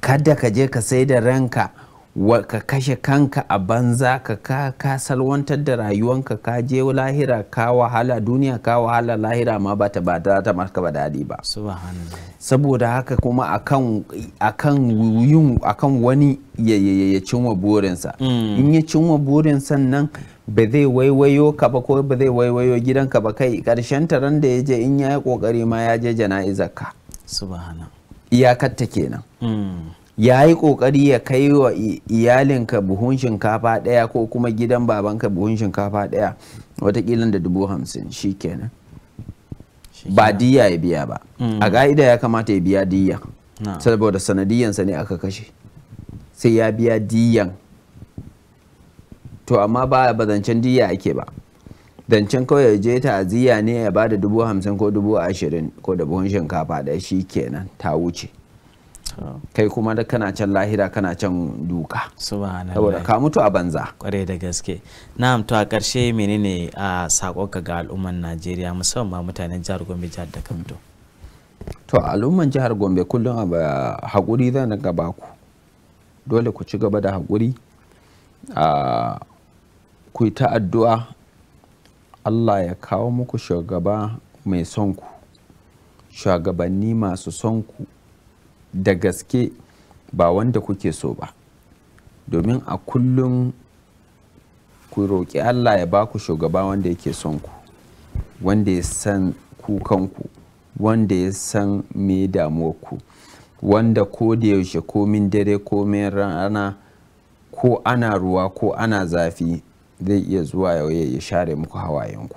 kada ka je ka sai da ranka ka kashe kanka a banza ka ka salwantar da rayuwanka ka je lahira ka wahala duniya ka wahala lahira ma ba ta ba ta maka ba daɗi ba saboda haka kuma akan akan wani ya cinwa burinsa mm. in ya cinwa burinsa nan ba zai waiwayo ka ba ko ba zai waiwayo gidanka ba kai karshen taron da ya je in ya yi kokari ma ya je jana'izar ka subhana iyakar ta kenan mm. ya yi kokari ya kai wa iyalinka buhun shinkafa daya ko kuma gidan babanka buhun shinkafa daya watakila da dubu hamsin shi kenan ba diya ya biya ba mm. a ga'ida ya kamata ya biya diya saboda sanadiyansa ne aka kashe sai ya biya diyan to amma ba ba zancen diya ake ba zancen kawai ya je ta'aziyya ne ya ba da dubu hamsin ko dubu ashirin ko da buhun shinkafa daya shi kenan ta wuce kai kuma da kana can lahira kana can duka saboda ka mutu a banza kwarai da gaske na'am to a ƙarshe menene a sakonka ga al'umman Najeriya musamman mutanen jihar Gombe jihar da kamto to al'umman jihar Gombe kullum a haƙuri zan ga baku dole ku ci gaba da haƙuri a ku yi ta addu'a Allah ya kawo muku shugaba mai son ku shugabanni masu son ku da gaske ba wanda kuke so ba domin a kullum ku roƙi Allah ya ba ku shugaba wanda yake son ku wanda ya san kukanku wanda ya san me ku wanda ko da yaushe komin dare komin rana ko ana ruwa ko ana zafi zai iya zuwa yauye ya share muku hawayenku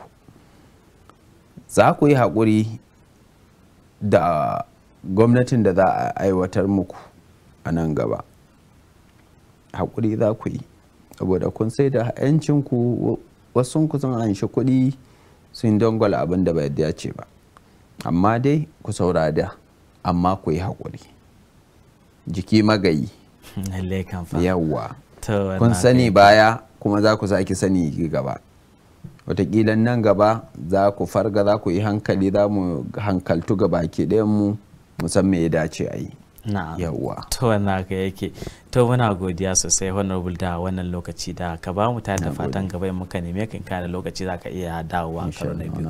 za ku yi haƙuri da gwamnatin da za a aiwatar muku a nan gaba haƙuri za ku yi saboda kun sai da 'yancinku wasu ku sun anshi kuɗi sun dangwala abin da bai ce ba amma dai ku saurada amma ku yi haƙuri jiki magayi yawwa kun sani baya kuma za ku sake sani gaba watakila nan gaba za ku farga za ku yi hankali za mu hankaltu ga baki mu musan me ya dace a yi yawwa to wannan ka yake to muna godiya sosai honorable da wannan lokaci da ka ba mu ta da fatan gaba in muka nemi kan kana lokaci za ka iya dawowa karo na biyu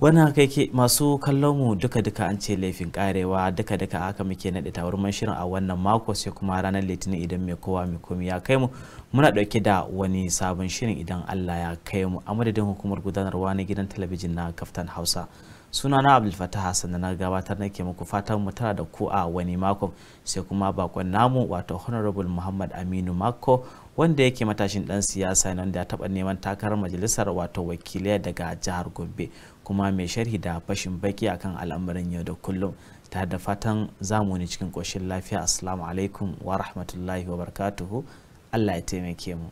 wannan ka yake masu kallon mu duka duka an ce laifin karewa duka duka haka muke naɗe tawarman shirin a wannan mako sai kuma ranar litinin idan mai kowa mai komi ya kai mu muna dauke da wani sabon shirin idan allah ya kai mu a madadin hukumar gudanarwa na gidan talabijin na kaftan hausa suna na abdul fatah hassan da na gabatar nake muku fatan mu tana da ku a wani makon sai kuma bakon namu wato honorable muhammad aminu mako wanda yake matashin dan siyasa ne wanda ya taba neman takarar majalisar wato wakilai daga jihar gombe kuma mai sharhi da fashin baki akan al'amuran yau da kullum ta da fatan zamu ne cikin koshin lafiya assalamu alaikum wa rahmatullahi wa barakatuhu allah ya taimake mu